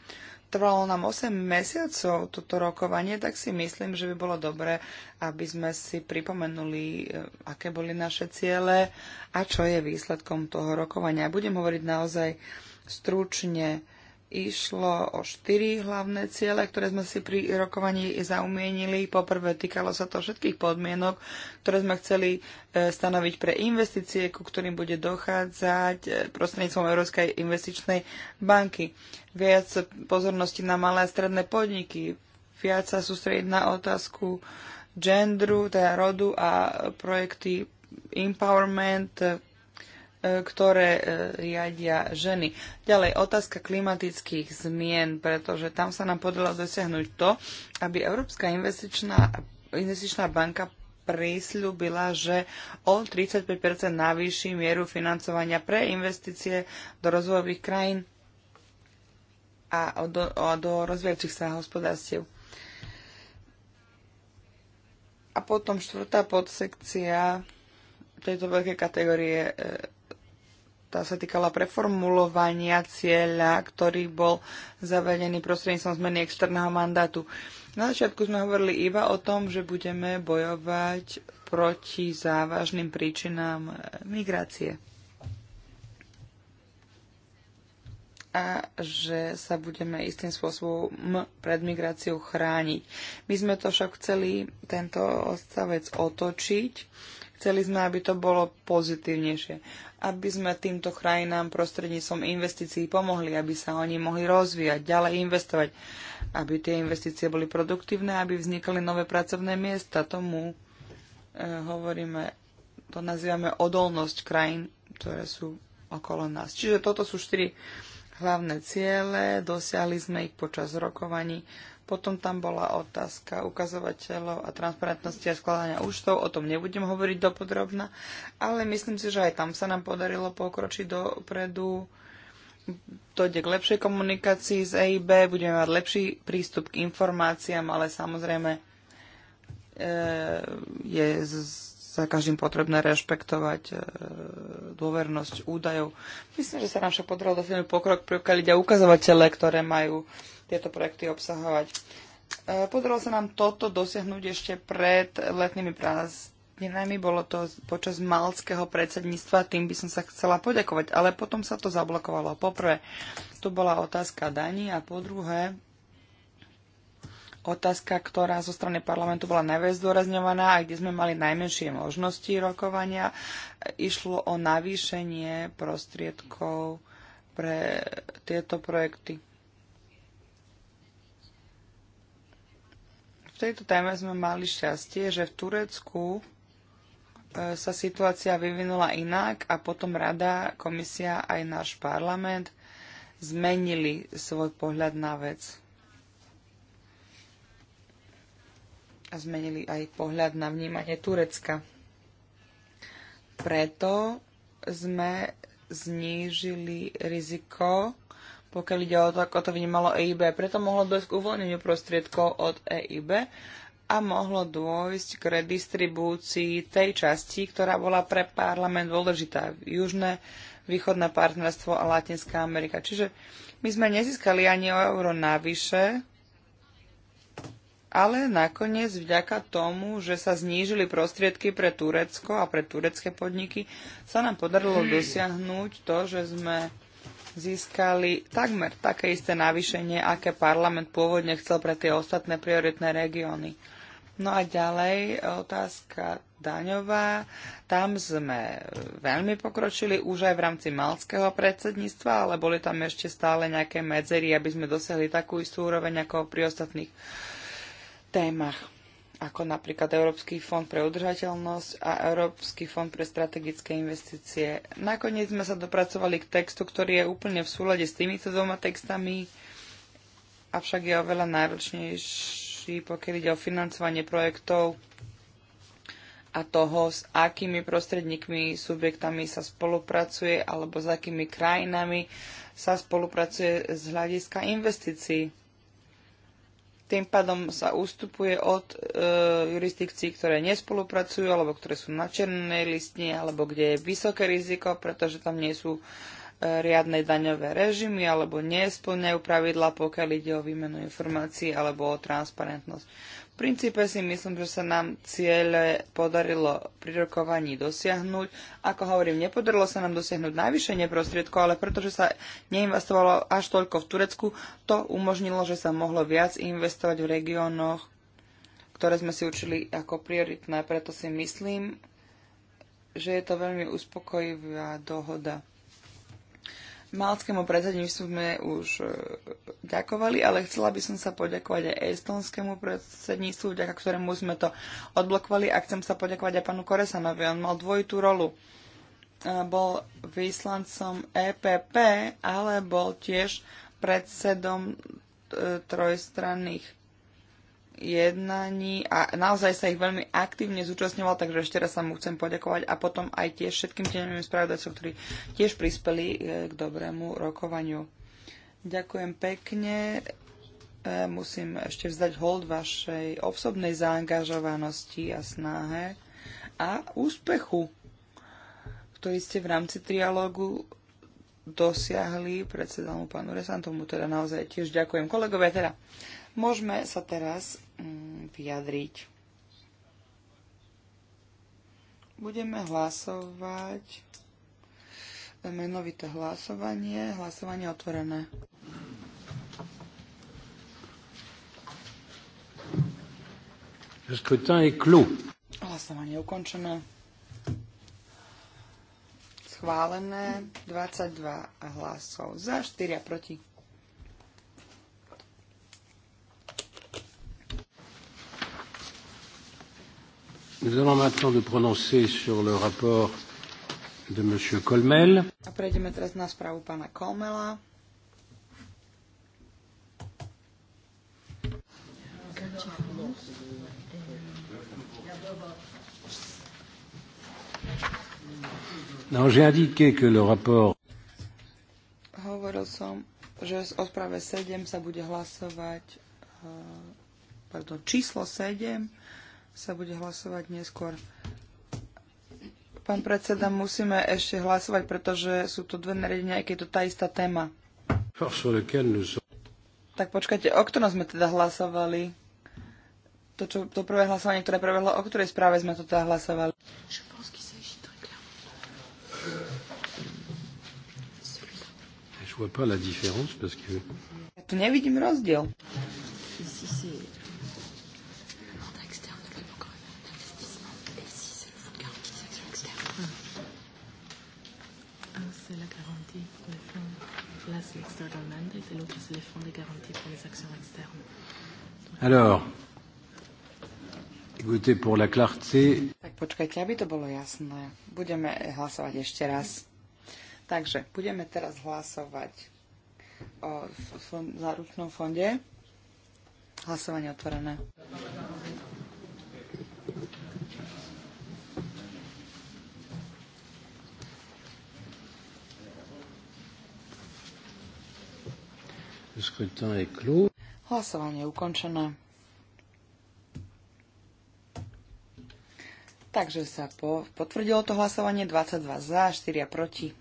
trvalo nám 8 mesiacov toto rokovanie, tak si myslím, že by bolo dobré, aby sme si pripomenuli, e, aké boli naše ciele a čo je výsledkom toho rokovania. Budem hovoriť naozaj stručne išlo o štyri hlavné ciele, ktoré sme si pri rokovaní zaumienili. Poprvé týkalo sa to všetkých podmienok, ktoré sme chceli e, stanoviť pre investície, ku ktorým bude dochádzať e, prostredníctvom Európskej investičnej banky. Viac pozornosti na malé a stredné podniky, viac sa sústrediť na otázku gendru, teda rodu a projekty empowerment, ktoré e, riadia ženy. Ďalej otázka klimatických zmien, pretože tam sa nám podarilo dosiahnuť to, aby Európska investičná, investičná banka prísľubila, že o 35 navýši mieru financovania pre investície do rozvojových krajín a do, a do rozvíjajúcich sa hospodárstiev. A potom štvrtá podsekcia tejto veľkej kategórie e, tá sa týkala preformulovania cieľa, ktorý bol zavedený prostredníctvom zmeny externého mandátu. Na začiatku sme hovorili iba o tom, že budeme bojovať proti závažným príčinám eh, migrácie. a že sa budeme istým spôsobom pred migráciou chrániť. My sme to však chceli tento odstavec otočiť Chceli sme, aby to bolo pozitívnejšie, aby sme týmto krajinám prostredníctvom investícií pomohli, aby sa oni mohli rozvíjať, ďalej investovať, aby tie investície boli produktívne, aby vznikali nové pracovné miesta. Tomu e, hovoríme, to nazývame odolnosť krajín, ktoré sú okolo nás. Čiže toto sú štyri hlavné ciele, dosiahli sme ich počas rokovaní potom tam bola otázka ukazovateľov a transparentnosti a skladania účtov. O tom nebudem hovoriť dopodrobná, ale myslím si, že aj tam sa nám podarilo pokročiť dopredu. Dojde k lepšej komunikácii z EIB, budeme mať lepší prístup k informáciám, ale samozrejme e, je za každým potrebné rešpektovať e, dôvernosť údajov. Myslím, že sa nám však podarilo pokrok, pri ukazovatele, ktoré majú tieto projekty obsahovať. E, podarilo sa nám toto dosiahnuť ešte pred letnými prázdninami. Bolo to počas malckého predsedníctva, tým by som sa chcela poďakovať, ale potom sa to zablokovalo. Poprvé, tu bola otázka daní a po druhé, otázka, ktorá zo strany parlamentu bola najviac zdôrazňovaná a kde sme mali najmenšie možnosti rokovania, išlo o navýšenie prostriedkov pre tieto projekty. V tejto téme sme mali šťastie, že v Turecku e, sa situácia vyvinula inak a potom Rada, Komisia aj náš parlament zmenili svoj pohľad na vec. A zmenili aj pohľad na vnímanie Turecka. Preto sme znížili riziko pokiaľ ide o to, ako to vnímalo EIB. Preto mohlo dojsť k uvoľneniu prostriedkov od EIB a mohlo dôjsť k redistribúcii tej časti, ktorá bola pre parlament dôležitá. Južné, východné partnerstvo a Latinská Amerika. Čiže my sme nezískali ani o euro navyše, ale nakoniec vďaka tomu, že sa znížili prostriedky pre Turecko a pre turecké podniky, sa nám podarilo dosiahnuť to, že sme získali takmer také isté navýšenie, aké parlament pôvodne chcel pre tie ostatné prioritné regióny. No a ďalej e, otázka daňová. Tam sme e, veľmi pokročili už aj v rámci malského predsedníctva, ale boli tam ešte stále nejaké medzery, aby sme dosiahli takú istú úroveň ako pri ostatných témach ako napríklad Európsky fond pre udržateľnosť a Európsky fond pre strategické investície. Nakoniec sme sa dopracovali k textu, ktorý je úplne v súlade s týmito dvoma textami, avšak je oveľa náročnejší, pokiaľ ide o financovanie projektov a toho, s akými prostredníkmi, subjektami sa spolupracuje alebo s akými krajinami sa spolupracuje z hľadiska investícií tým pádom sa ustupuje od e, jurisdikcií, ktoré nespolupracujú, alebo ktoré sú na černej listine, alebo kde je vysoké riziko, pretože tam nie sú e, riadne daňové režimy, alebo nesplňajú pravidla, pokiaľ ide o výmenu informácií, alebo o transparentnosť princípe si myslím, že sa nám ciele podarilo pri rokovaní dosiahnuť. Ako hovorím, nepodarilo sa nám dosiahnuť najvyššenie prostriedkov, ale pretože sa neinvestovalo až toľko v Turecku, to umožnilo, že sa mohlo viac investovať v regiónoch, ktoré sme si učili ako prioritné. Preto si myslím, že je to veľmi uspokojivá dohoda. Malckému predsedníctvu sme už e, ďakovali, ale chcela by som sa poďakovať aj estonskému predsedníctvu, vďaka ktorému sme to odblokovali a chcem sa poďakovať aj panu Koresanovi. On mal dvojitú rolu. E, bol výslancom EPP, ale bol tiež predsedom e, trojstranných jednaní a naozaj sa ich veľmi aktívne zúčastňoval, takže ešte raz sa mu chcem poďakovať a potom aj tiež všetkým tieňovým spravodajcom, ktorí tiež prispeli e, k dobrému rokovaniu. Ďakujem pekne. E, musím ešte vzdať hold vašej osobnej zaangažovanosti a snahe a úspechu, ktorý ste v rámci trialógu dosiahli predsedamu pánu Resantomu. Teda naozaj tiež ďakujem kolegovia. Teda Môžeme sa teraz mm, vyjadriť. Budeme hlasovať menovité hlasovanie, hlasovanie otvorené. Hlasovanie ukončené. Schválené 22 hlasov za, 4 a proti. Nous allons maintenant nous prononcer sur le rapport de M. Colmel. A prejdeme teraz na správu pána Colmela. Non, j'ai indiqué que le rapport... Hovoril som, že o správe 7 sa bude hlasovať, eh, pardon, číslo 7 sa bude hlasovať neskôr. Pán predseda, musíme ešte hlasovať, pretože sú to dve nariadenia, aj keď je to tá istá téma. Tak počkajte, o ktorom sme teda hlasovali? To, čo, to prvé hlasovanie, ktoré prebehlo, o ktorej správe sme to teda hlasovali? Ja tu nevidím rozdiel. Ici, garantie pour les fonds. Là, l'external mandate et l'autre, c'est les fonds de garantie pour les actions externes. Alors, écoutez, pour la clarté... Tak počkajte, aby to bolo jasné. Budeme hlasovať ešte raz. Takže, budeme teraz hlasovať o záručnom fonde. Hlasovanie otvorené. Hlasovanie je ukončené. Takže sa po, potvrdilo to hlasovanie 22 za, 4 proti.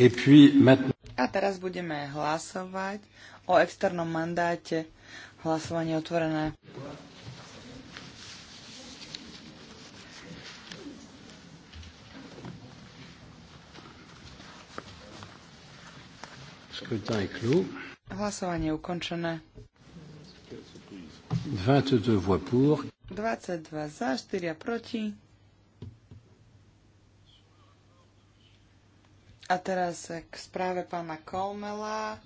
Et puis, maintenant... A teraz budeme hlasovať o externom mandáte. Hlasovanie otvorené. Hlasovanie je ukončené. 22 voix pour. 22 za, 4 proti. A teraz k správe pána Kolmela.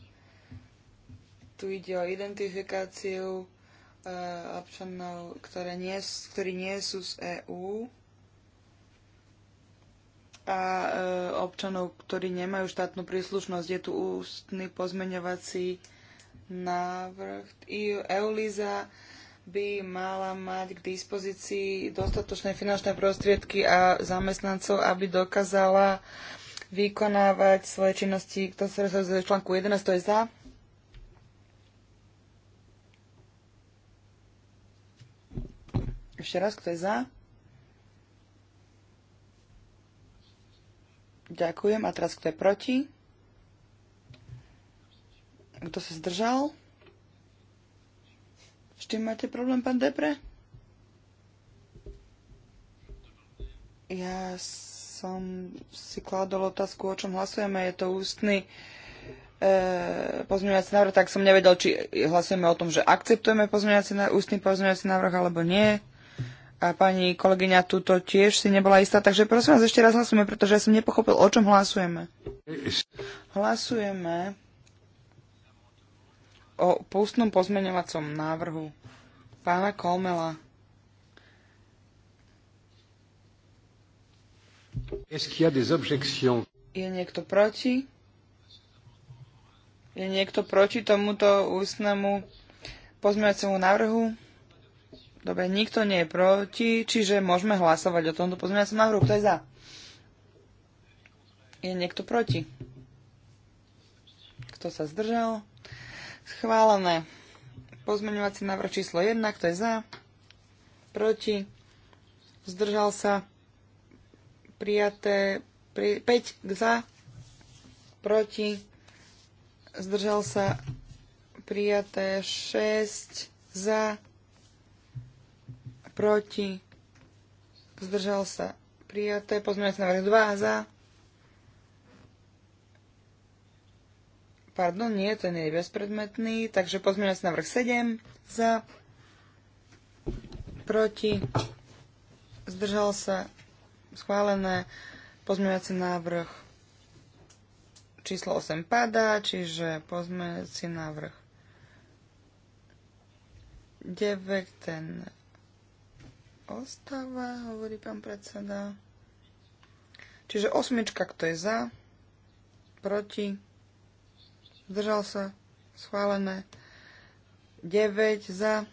Tu ide o identifikáciu eh, občanov, ktoré nie, ktorí nie sú z EÚ a e, občanov, ktorí nemajú štátnu príslušnosť. Je tu ústny pozmeňovací návrh. Euliza by mala mať k dispozícii dostatočné finančné prostriedky a zamestnancov, aby dokázala vykonávať svoje činnosti, kto sa rozhoduje v článku 11, to je za. Ešte raz, kto je za? Ďakujem. A teraz kto je proti? Kto sa zdržal? S čím máte problém, pán Depre? Ja som si kladol otázku, o čom hlasujeme. Je to ústny e, pozmeňovací návrh, tak som nevedel, či hlasujeme o tom, že akceptujeme pozmeňovací návrh, ústny pozmeňovací návrh alebo nie. A pani kolegyňa to tiež si nebola istá, takže prosím vás, ešte raz hlasujeme, pretože ja som nepochopil, o čom hlasujeme. Hlasujeme o pustnom pozmeňovacom návrhu pána Kolmela. Je niekto proti? Je niekto proti tomuto ústnemu pozmeňovacemu návrhu? Dobre, nikto nie je proti, čiže môžeme hlasovať o tomto pozmeňovacom návrhu. Kto je za? Je niekto proti? Kto sa zdržal? Schválené. Pozmeňovací návrh číslo 1. Kto je za? Proti? Zdržal sa? Prijaté? Pri, 5 za? Proti? Zdržal sa? Prijaté 6 za? proti, zdržal sa prijaté, pozmeňujúci návrh 2 za, pardon, nie, ten je bezpredmetný, takže pozmeňujúci návrh 7 za, proti, zdržal sa schválené, pozmeňujúci návrh číslo 8 padá, čiže pozmeňujúci návrh 9, ten ostáva, hovorí pán predseda. Čiže osmička, kto je za, proti, zdržal sa, schválené. 9 za,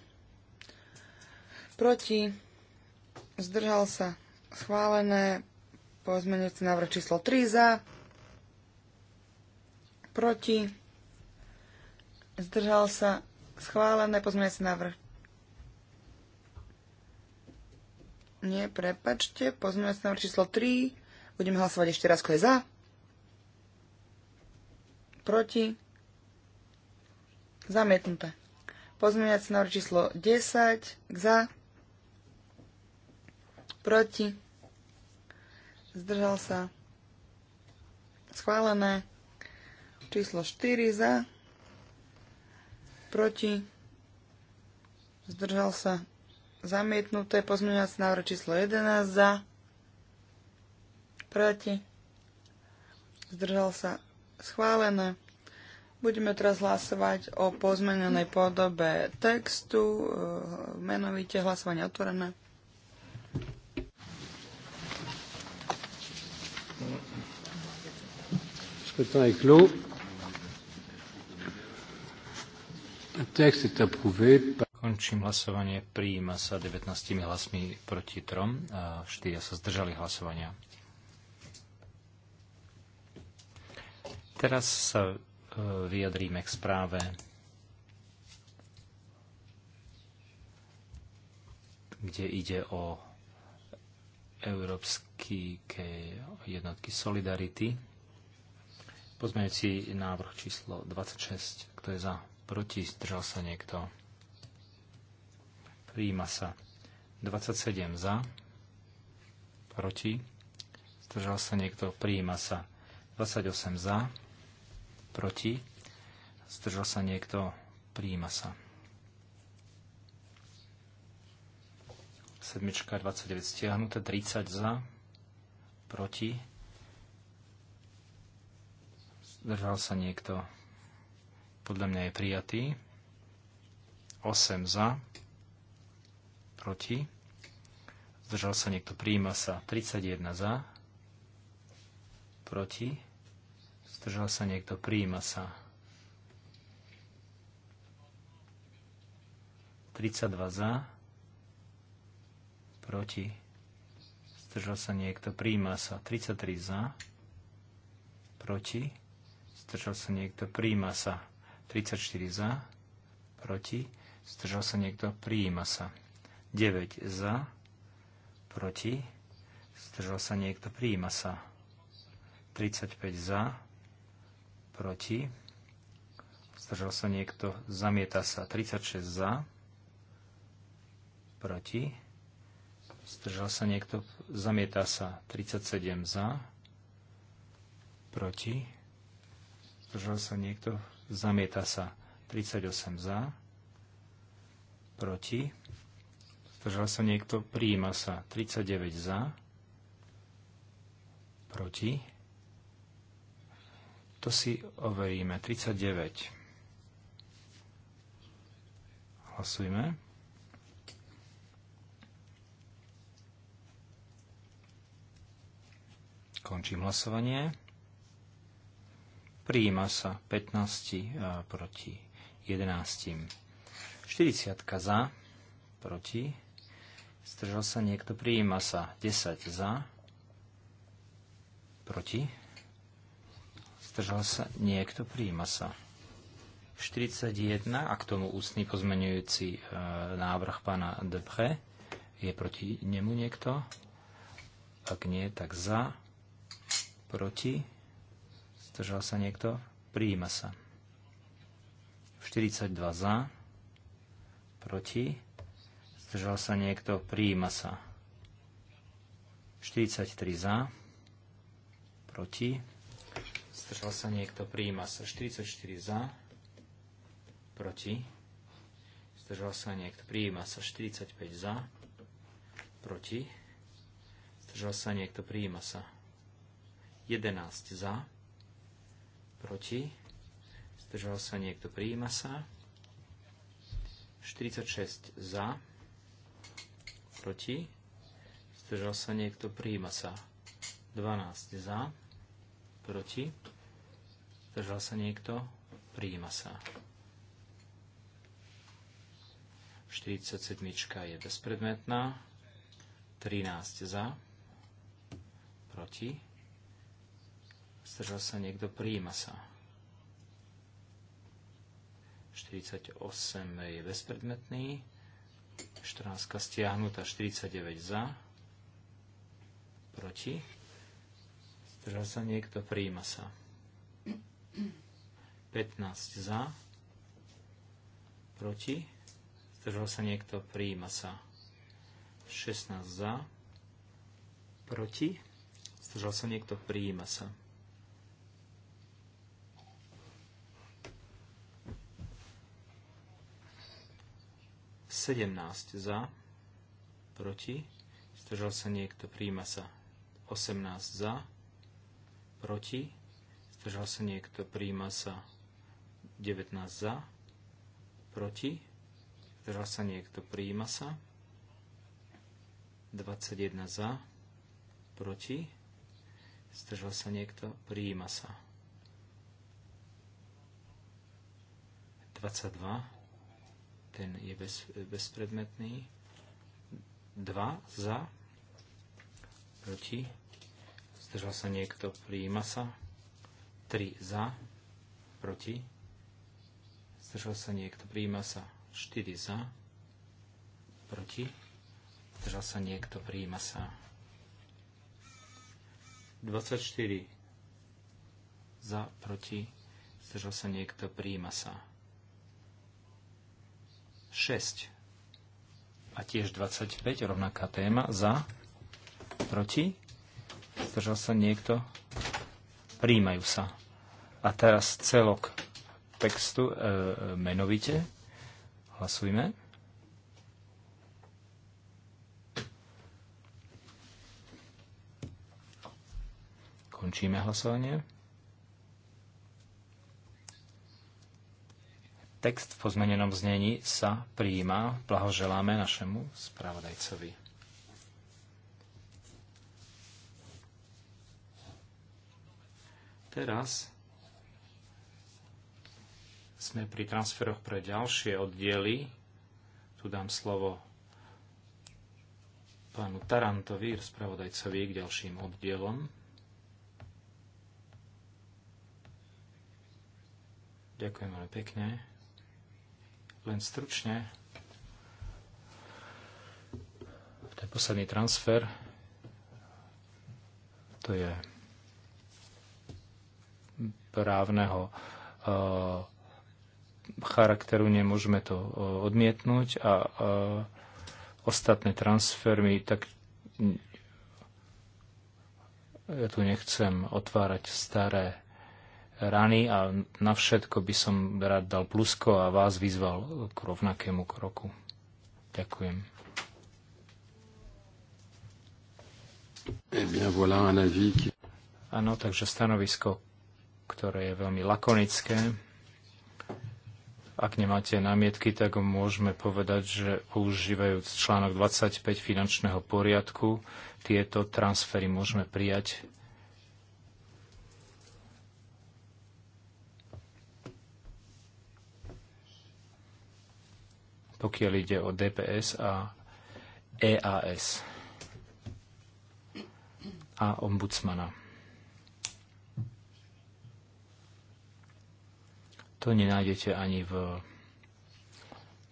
proti, zdržal sa, schválené. Pozmeňujúci návrh číslo 3 za, proti, zdržal sa, schválené. Pozmeňujúci návrh Nie, prepačte. sa na číslo 3. Budeme hlasovať ešte raz, kto je za. Proti. Zamietnuté. sa na číslo 10. Za. Proti. Zdržal sa. Schválené. Číslo 4 za. Proti. Zdržal sa. Zamietnuté pozmeňovací návrh číslo 11 za. Proti. Zdržal sa. Schválené. Budeme teraz hlasovať o pozmenenej podobe textu, e, menovite hlasovanie otvorené. Scrutin est clos. Le texte est approuvé par Končím hlasovanie. Prijíma sa 19 hlasmi proti 3 a 4 sa zdržali hlasovania. Teraz sa e, vyjadríme k správe kde ide o európsky jednotky Solidarity. Pozmeňujúci návrh číslo 26, kto je za, proti, zdržal sa niekto. Príjima sa. 27 za. Proti. Zdržal sa niekto. Príjima sa. 28 za. Proti. Zdržal sa niekto. Príjima sa. Sedmička 29 stiahnuté. 30 za. Proti. Zdržal sa niekto. Podľa mňa je prijatý. 8 za proti, zdržal sa niekto, príjima sa 31 za, proti, zdržal sa niekto, príjima sa 32 za, proti, zdržal sa niekto, príjma sa 33 za, proti, zdržal sa niekto, príjima sa 34 za, proti, zdržal sa niekto, príjima sa 9 za, proti, zdržal sa niekto, prijíma sa. 35 za, proti, zdržal sa niekto, zamieta sa. 36 za, proti, zdržal sa niekto, zamieta sa. 37 za, proti, zdržal sa niekto, zamieta sa. 38 za, proti, Zdržal sa niekto? Prijíma sa. 39 za. Proti. To si overíme. 39. Hlasujme. Končím hlasovanie. Prijíma sa 15 e, proti 11. 40 za proti Zdržal sa niekto? Prijíma sa 10 za. Proti? Zdržal sa niekto? Prijíma sa. 41 a k tomu ústny pozmenujúci e, návrh pána Debre. Je proti nemu niekto? Ak nie, tak za. Proti? Zdržal sa niekto? Prijíma sa. 42 za. Proti? Zdržal sa niekto? Prijíma sa. 43 za. Proti. Zdržal sa niekto? Prijíma sa. 44 za. Proti. Zdržal sa niekto? Prijíma sa. 45 za. Proti. Zdržal sa niekto? Prijíma sa. 11 za. Proti. Zdržal sa niekto? Prijíma sa. 46 za proti, zdržal sa niekto, prijíma sa. 12 za, proti, zdržal sa niekto, prijíma sa. 47 je bezpredmetná, 13 za, proti, zdržal sa niekto, prijíma sa. 48 je bezpredmetný, 14 stiahnutá, 49 za, proti, zdržal sa niekto, prijíma sa. 15 za, proti, zdržal sa niekto, prijíma sa. 16 za, proti, zdržal sa niekto, prijíma sa. 17 za, proti, zdržal sa niekto, príjma sa 18 za, proti, zdržal sa niekto, príjma sa 19 za, proti, zdržal sa niekto, príjma sa 21 za, proti, zdržal sa niekto, príjma sa 22 ten je bez, bezpredmetný. 2 za, proti, zdržal sa niekto, prijíma sa. 3 za, proti, zdržal sa niekto, prijíma sa. 4 za, proti, zdržal sa niekto, prijíma sa. 24 za, proti, zdržal sa niekto, prijíma sa. 6 a tiež 25, rovnaká téma, za, proti, zdržal sa niekto, príjmajú sa. A teraz celok textu e, menovite. Hlasujme. Končíme hlasovanie. Text v pozmenenom znení sa prijíma. Blahoželáme našemu spravodajcovi. Teraz sme pri transferoch pre ďalšie oddiely. Tu dám slovo pánu Tarantovi, spravodajcovi k ďalším oddielom. Ďakujem veľmi pekne. Len stručne. Ten posledný transfer, to je právneho eh, charakteru, nemôžeme to eh, odmietnúť a eh, ostatné transfermy, tak ja tu nechcem otvárať staré rany a na všetko by som rád dal plusko a vás vyzval k rovnakému kroku. Ďakujem. Eh bien, voilà un avis qui... Áno, takže stanovisko, ktoré je veľmi lakonické. Ak nemáte námietky, tak môžeme povedať, že používajúc článok 25 finančného poriadku, tieto transfery môžeme prijať pokiaľ ide o DPS a EAS a ombudsmana. To nenájdete ani v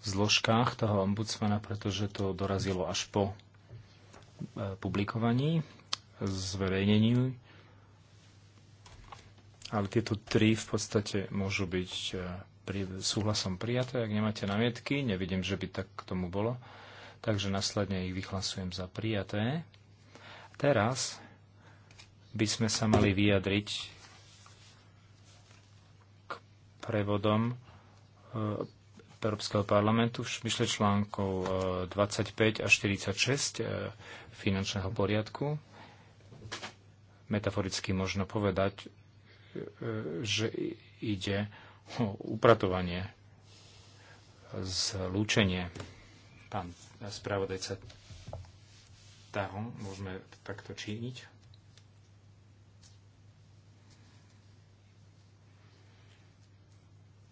zložkách toho ombudsmana, pretože to dorazilo až po e, publikovaní, zverejneniu. Ale tieto tri v podstate môžu byť e, pri, súhlasom prijaté. Ak nemáte namietky, nevidím, že by tak k tomu bolo. Takže následne ich vyhlasujem za prijaté. Teraz by sme sa mali vyjadriť k prevodom e, Európskeho parlamentu v šmyšle článkov 25 e, a 46 e, finančného poriadku. Metaforicky možno povedať, že ide upratovanie, zlúčenie. Pán spravodajca, Tahon, môžeme takto činiť.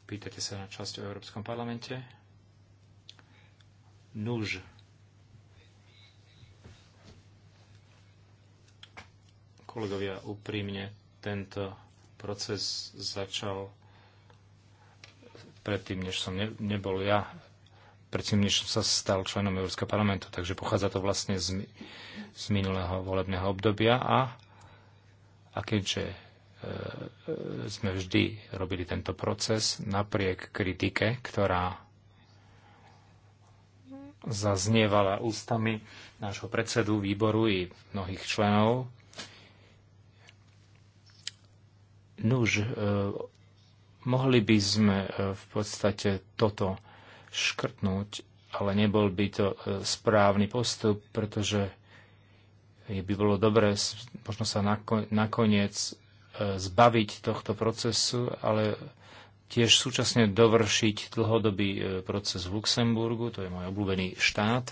Pýtate sa na časť o Európskom parlamente? Nuž. Kolegovia, úprimne, tento proces začal predtým, než som ne, nebol ja, predtým, než som sa stal členom Európskeho parlamentu. Takže pochádza to vlastne z, z minulého volebného obdobia a, a keďže e, e, sme vždy robili tento proces napriek kritike, ktorá zaznievala ústami nášho predsedu výboru i mnohých členov. Nuž, e, Mohli by sme e, v podstate toto škrtnúť, ale nebol by to e, správny postup, pretože by bolo dobré možno sa nakoniec e, zbaviť tohto procesu, ale tiež súčasne dovršiť dlhodobý proces v Luxemburgu, to je môj obľúbený štát,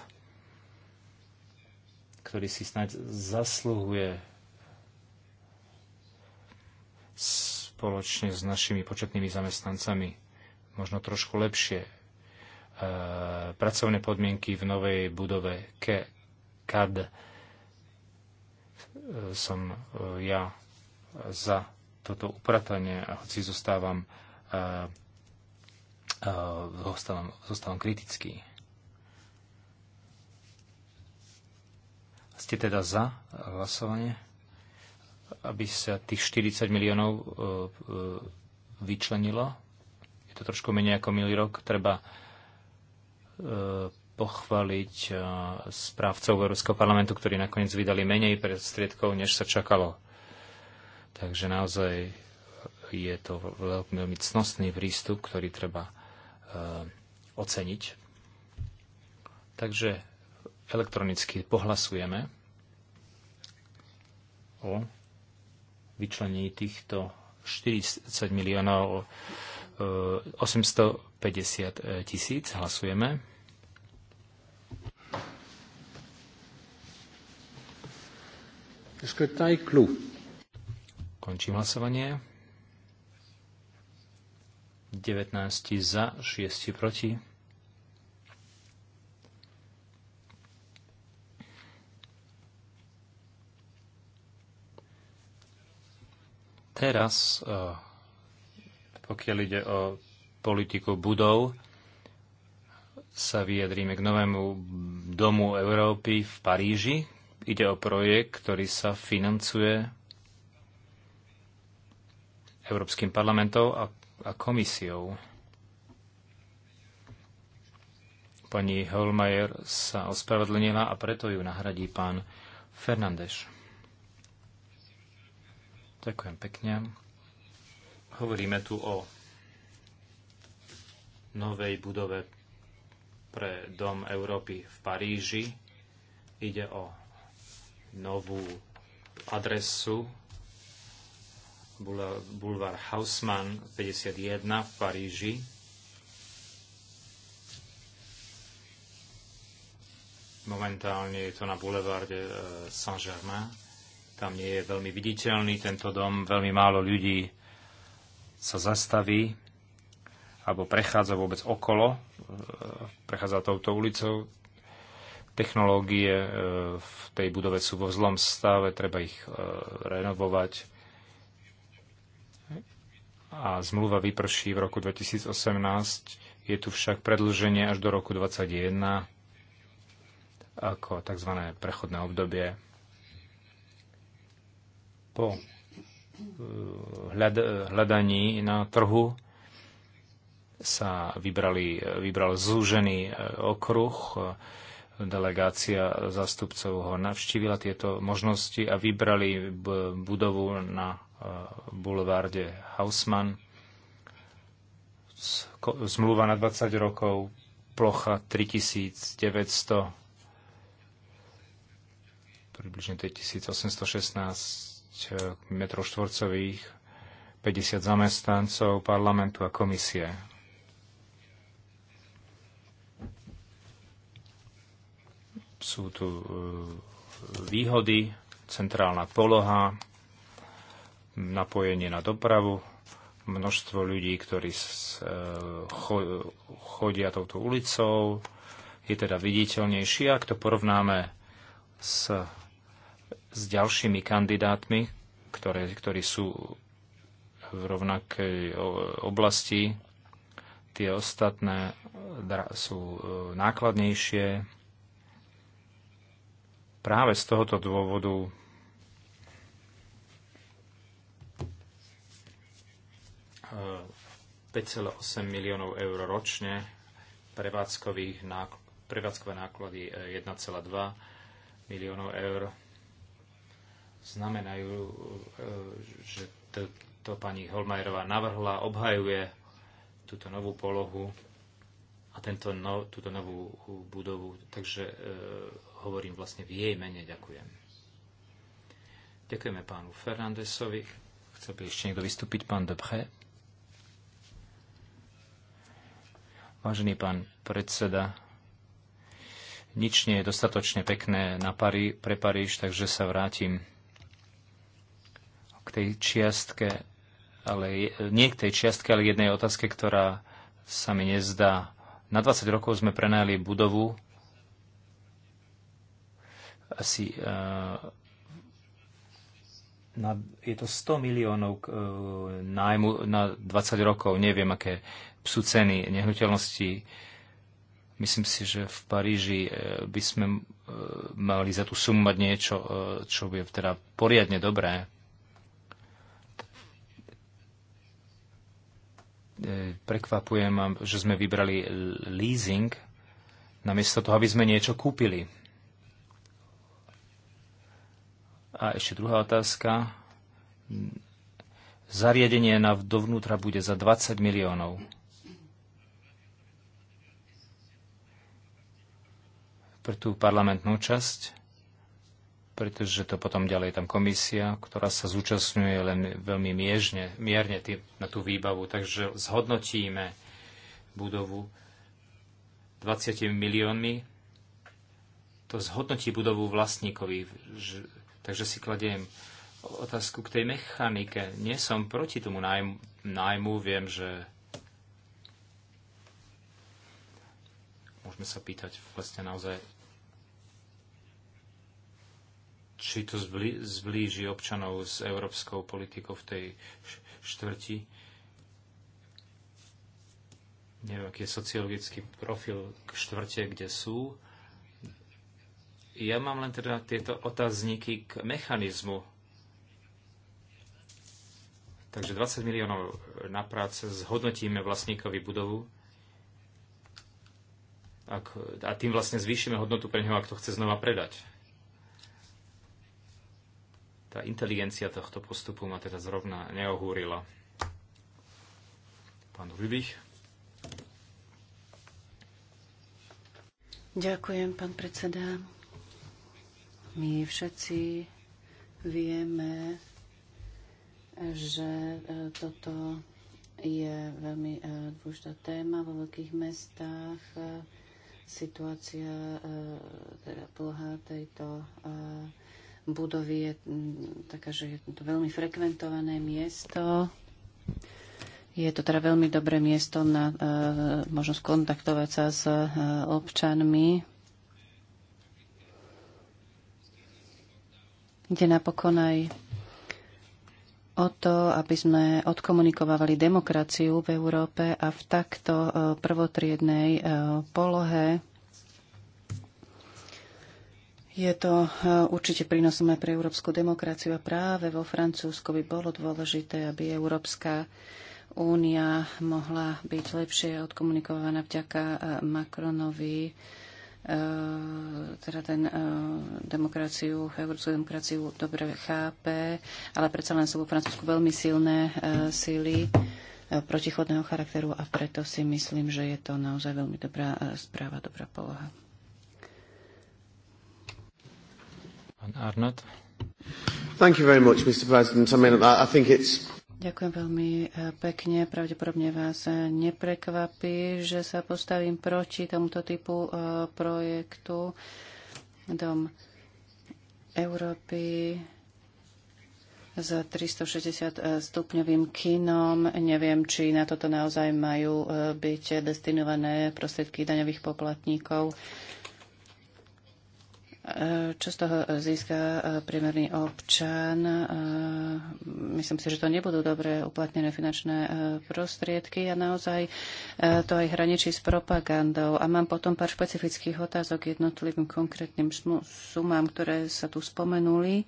ktorý si snáď zasluhuje spoločne s našimi početnými zamestnancami možno trošku lepšie e, pracovné podmienky v novej budove KAD. E, som e, ja za toto upratanie a hoci zostávam, zostávam, zostávam kritický. Ste teda za hlasovanie? aby sa tých 40 miliónov e, e, vyčlenilo. Je to trošku menej ako milý rok. Treba e, pochváliť správcov Európskeho parlamentu, ktorí nakoniec vydali menej prostriedkov, než sa čakalo. Takže naozaj je to veľmi cnostný prístup, ktorý treba oceniť. Takže elektronicky pohlasujeme o vyčlenení týchto 40 miliónov 850 e, e, tisíc. Hlasujeme. Končím hlasovanie. 19 za, 6 proti. Teraz, e, pokiaľ ide o politiku budov, sa vyjadríme k novému domu Európy v Paríži. Ide o projekt, ktorý sa financuje Európskym parlamentom a, a komisiou. Pani Holmajer sa ospravedlnila a preto ju nahradí pán Fernández. Ďakujem pekne. Hovoríme tu o novej budove pre Dom Európy v Paríži. Ide o novú adresu Boulevard Haussmann 51 v Paríži. Momentálne je to na Boulevarde eh, Saint-Germain. Tam nie je veľmi viditeľný tento dom, veľmi málo ľudí sa zastaví alebo prechádza vôbec okolo, e, prechádza touto ulicou. Technológie e, v tej budove sú vo zlom stave, treba ich e, renovovať. A zmluva vyprší v roku 2018, je tu však predlženie až do roku 2021 ako tzv. prechodné obdobie po eh, hľadaní na trhu sa vybrali, vybral zúžený eh, okruh. Delegácia zástupcov ho navštívila tieto možnosti a vybrali budovu na eh, bulvárde Hausmann. Zmluva na 20 rokov, plocha 3900, približne 3816 m 2 50 zamestnancov parlamentu a komisie. Sú tu eh, výhody, centrálna poloha, napojenie na dopravu, množstvo ľudí, ktorí eh, chodia touto ulicou, je teda viditeľnejší. Ak to porovnáme s s ďalšími kandidátmi, ktoré, ktorí sú v rovnakej oblasti. Tie ostatné sú e, nákladnejšie. Práve z tohoto dôvodu uh, e, 5,8 miliónov eur ročne, prevádzkové náklady 1,2 e, miliónov eur znamenajú, e, že to, to pani Holmajerová navrhla, obhajuje túto novú polohu a tento no, túto novú budovu. Takže e, hovorím vlastne v jej mene. Ďakujem. Ďakujeme pánu Fernandesovi. Chcel by ešte niekto vystúpiť, pán Dobre. Vážený pán predseda, nič nie je dostatočne pekné na Pari, pre Paríž, takže sa vrátim tej čiastke, ale nie k tej čiastke, ale jednej otázke, ktorá sa mi nezdá. Na 20 rokov sme prenajali budovu asi uh, na, je to 100 miliónov uh, nájmu na 20 rokov, neviem aké sú ceny nehnuteľnosti. Myslím si, že v Paríži uh, by sme uh, mali za tú sumu mať niečo, uh, čo je teda poriadne dobré. prekvapuje ma, že sme vybrali leasing namiesto toho, aby sme niečo kúpili. A ešte druhá otázka. Zariadenie na dovnútra bude za 20 miliónov. Pre tú parlamentnú časť pretože to potom ďalej tam komisia, ktorá sa zúčastňuje len veľmi miežne, mierne tý, na tú výbavu. Takže zhodnotíme budovu 20 miliónmi. To zhodnotí budovu vlastníkovi. Takže si kladiem otázku k tej mechanike. Nie som proti tomu nájmu, nájmu viem, že môžeme sa pýtať vlastne naozaj či to zblíži občanov s európskou politikou v tej štvrti. Neviem, aký je sociologický profil k štvrte, kde sú. Ja mám len teda tieto otázniky k mechanizmu. Takže 20 miliónov na práce zhodnotíme vlastníkovi budovu a tým vlastne zvýšime hodnotu pre neho, ak to chce znova predať. Tá inteligencia tohto postupu ma teda zrovna neohúrila. Pán Rybich. Ďakujem, pán predseda. My všetci vieme, že e, toto je veľmi e, dôležitá téma vo veľkých mestách. E, situácia, teda poloha tejto budovy je mm, taká, že je to veľmi frekventované miesto. Je to teda veľmi dobré miesto na e, možnosť kontaktovať sa s e, občanmi. Ide napokon aj o to, aby sme odkomunikovávali demokraciu v Európe a v takto e, prvotriednej e, polohe je to e, určite prínosom aj pre európsku demokraciu a práve vo Francúzsku by bolo dôležité, aby Európska únia mohla byť lepšie odkomunikovaná vďaka e, Macronovi, e, teda ten demokraciu, európsku demokraciu dobre chápe, ale predsa len sú vo Francúzsku veľmi silné síly protichodného charakteru a preto si myslím, že je to naozaj veľmi dobrá správa, dobrá poloha. Arnott. Thank you very much, Mr. President. I mean, I think it's Ďakujem veľmi e, pekne. Pravdepodobne vás e, neprekvapí, že sa postavím proti tomuto typu e, projektu. Dom Európy s 360 stupňovým kinom. Neviem, či na toto naozaj majú byť destinované prostriedky daňových poplatníkov. Eh, čo z toho získa eh, priemerný občan? Eh, myslím si, že to nebudú dobre uplatnené finančné prostriedky a naozaj to aj hraničí s propagandou. A mám potom pár špecifických otázok jednotlivým konkrétnym sumám, ktoré sa tu spomenuli.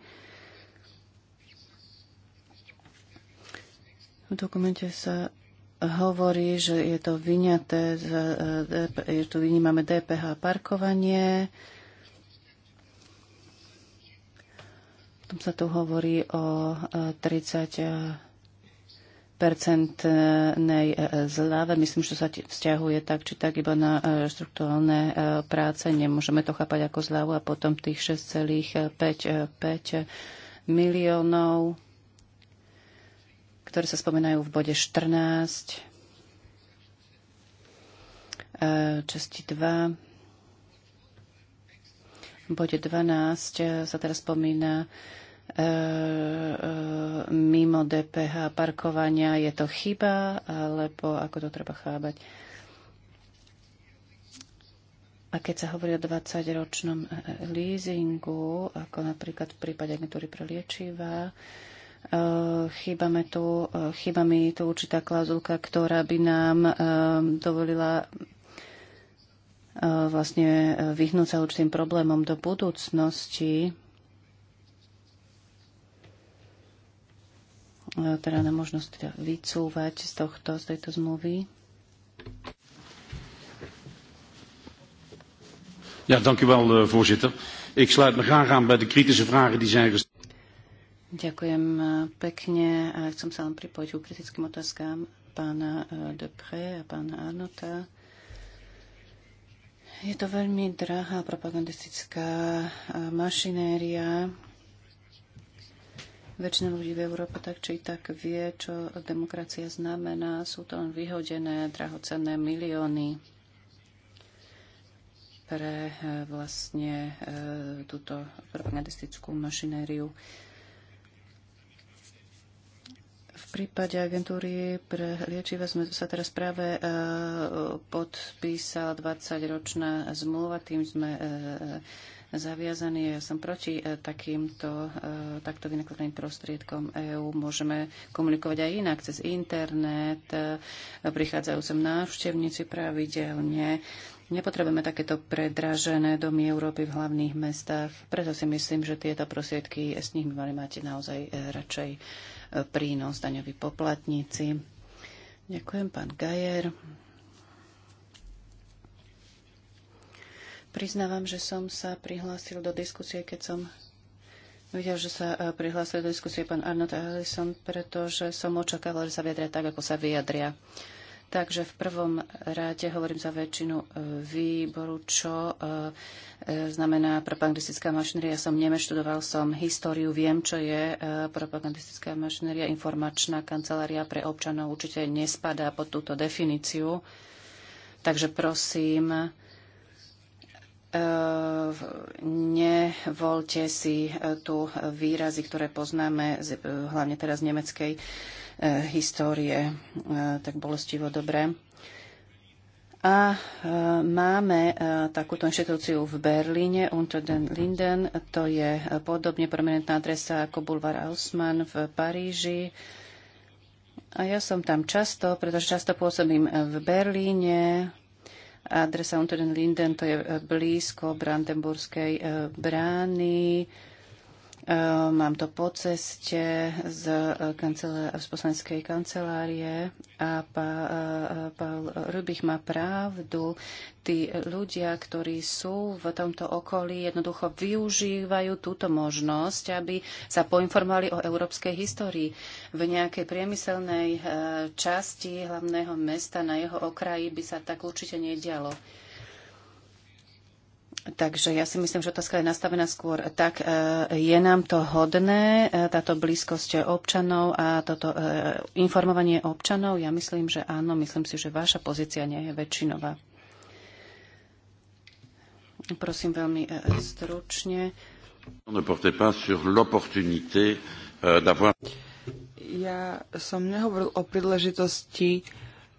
V dokumente sa hovorí, že je to vyňaté, že tu vynímame DPH parkovanie, Potom sa tu hovorí o 30 e, percentnej e, e, zľave. Myslím, že sa vzťahuje tak, či tak iba na štruktúrálne práce. Nemôžeme to chápať ako zľavu a potom tých 6,5 miliónov, ktoré sa spomínajú v bode 14, časti 2. V bode 12 e, sa teraz spomína e, e, mimo DPH parkovania. Je to chyba, alebo ako to treba chábať? A keď sa hovorí o 20-ročnom leasingu, ako napríklad v prípade agentúry pre liečivá, tu, chýba mi tu určitá klauzulka, ktorá by nám dovolila Eh, vlastne eh, vyhnúť sa určitým problémom do budúcnosti, eh, teda na možnosť teda vycúvať z tohto, z tejto zmluvy. Ja, dank u wel, voorzitter. Ik sluit me graag aan bij de kritische vragen die zijn gesteld. Ďakujem pekne a chcem sa len pripojiť ku kritickým otázkám pána Depre a pána Arnota. Je to veľmi drahá propagandistická mašinéria. Väčšina ľudí v Európe tak či tak vie, čo demokracia znamená. Sú to len vyhodené drahocenné milióny pre e, vlastne e, túto propagandistickú mašinériu. V prípade agentúry pre liečiva sme sa teraz práve e, podpísala 20-ročná zmluva, tým sme e, zaviazaní. Ja som proti e, takýmto takto vynakladaným prostriedkom EÚ. Môžeme komunikovať aj inak, cez internet. Prichádzajú sem návštevníci pravidelne. Nepotrebujeme takéto predražené domy Európy v hlavných mestách. Preto si myslím, že tieto prosiedky, s nimi mali mať naozaj e, radšej e, prínos daňoví poplatníci. Ďakujem, pán Gajer. Priznávam, že som sa prihlásil do diskusie, keď som videl, že sa e, prihlásil do diskusie pán Arnold Ellison, pretože som očakával, že sa vyjadria tak, ako sa vyjadria. Uh, Takže v prvom rade hovorím za väčšinu e, výboru, čo e, e, znamená propagandistická mašinéria. Ja som Nemec, študoval som históriu, viem, čo je propagandistická mašinéria. Informačná kancelária pre občanov určite nespadá pod túto definíciu. Takže prosím, nevolte si tu výrazy, ktoré poznáme, hlavne teraz z nemeckej E, histórie e, tak bolestivo dobré. A e, máme takúto inštitúciu v Berlíne, Unter den Linden. To je podobne prominentná adresa ako Bulvar Haussmann v Paríži. A ja som tam často, pretože často pôsobím v Berlíne. Adresa Unter den Linden to je blízko Brandenburskej brány E, mám to po ceste z, e, kancelá- z poslaneckej kancelárie a pá- e, Rubich má pravdu. Tí ľudia, ktorí sú v tomto okolí, jednoducho využívajú túto možnosť, aby sa poinformovali o európskej histórii. V nejakej priemyselnej časti hlavného mesta na jeho okraji by sa tak určite nedialo. Takže ja si myslím, že otázka je nastavená skôr tak, e, je nám to hodné, e, táto blízkosť občanov a toto e, informovanie občanov? Ja myslím, že áno, myslím si, že vaša pozícia nie je väčšinová. Prosím veľmi stručne. Euh, ja som nehovoril o príležitosti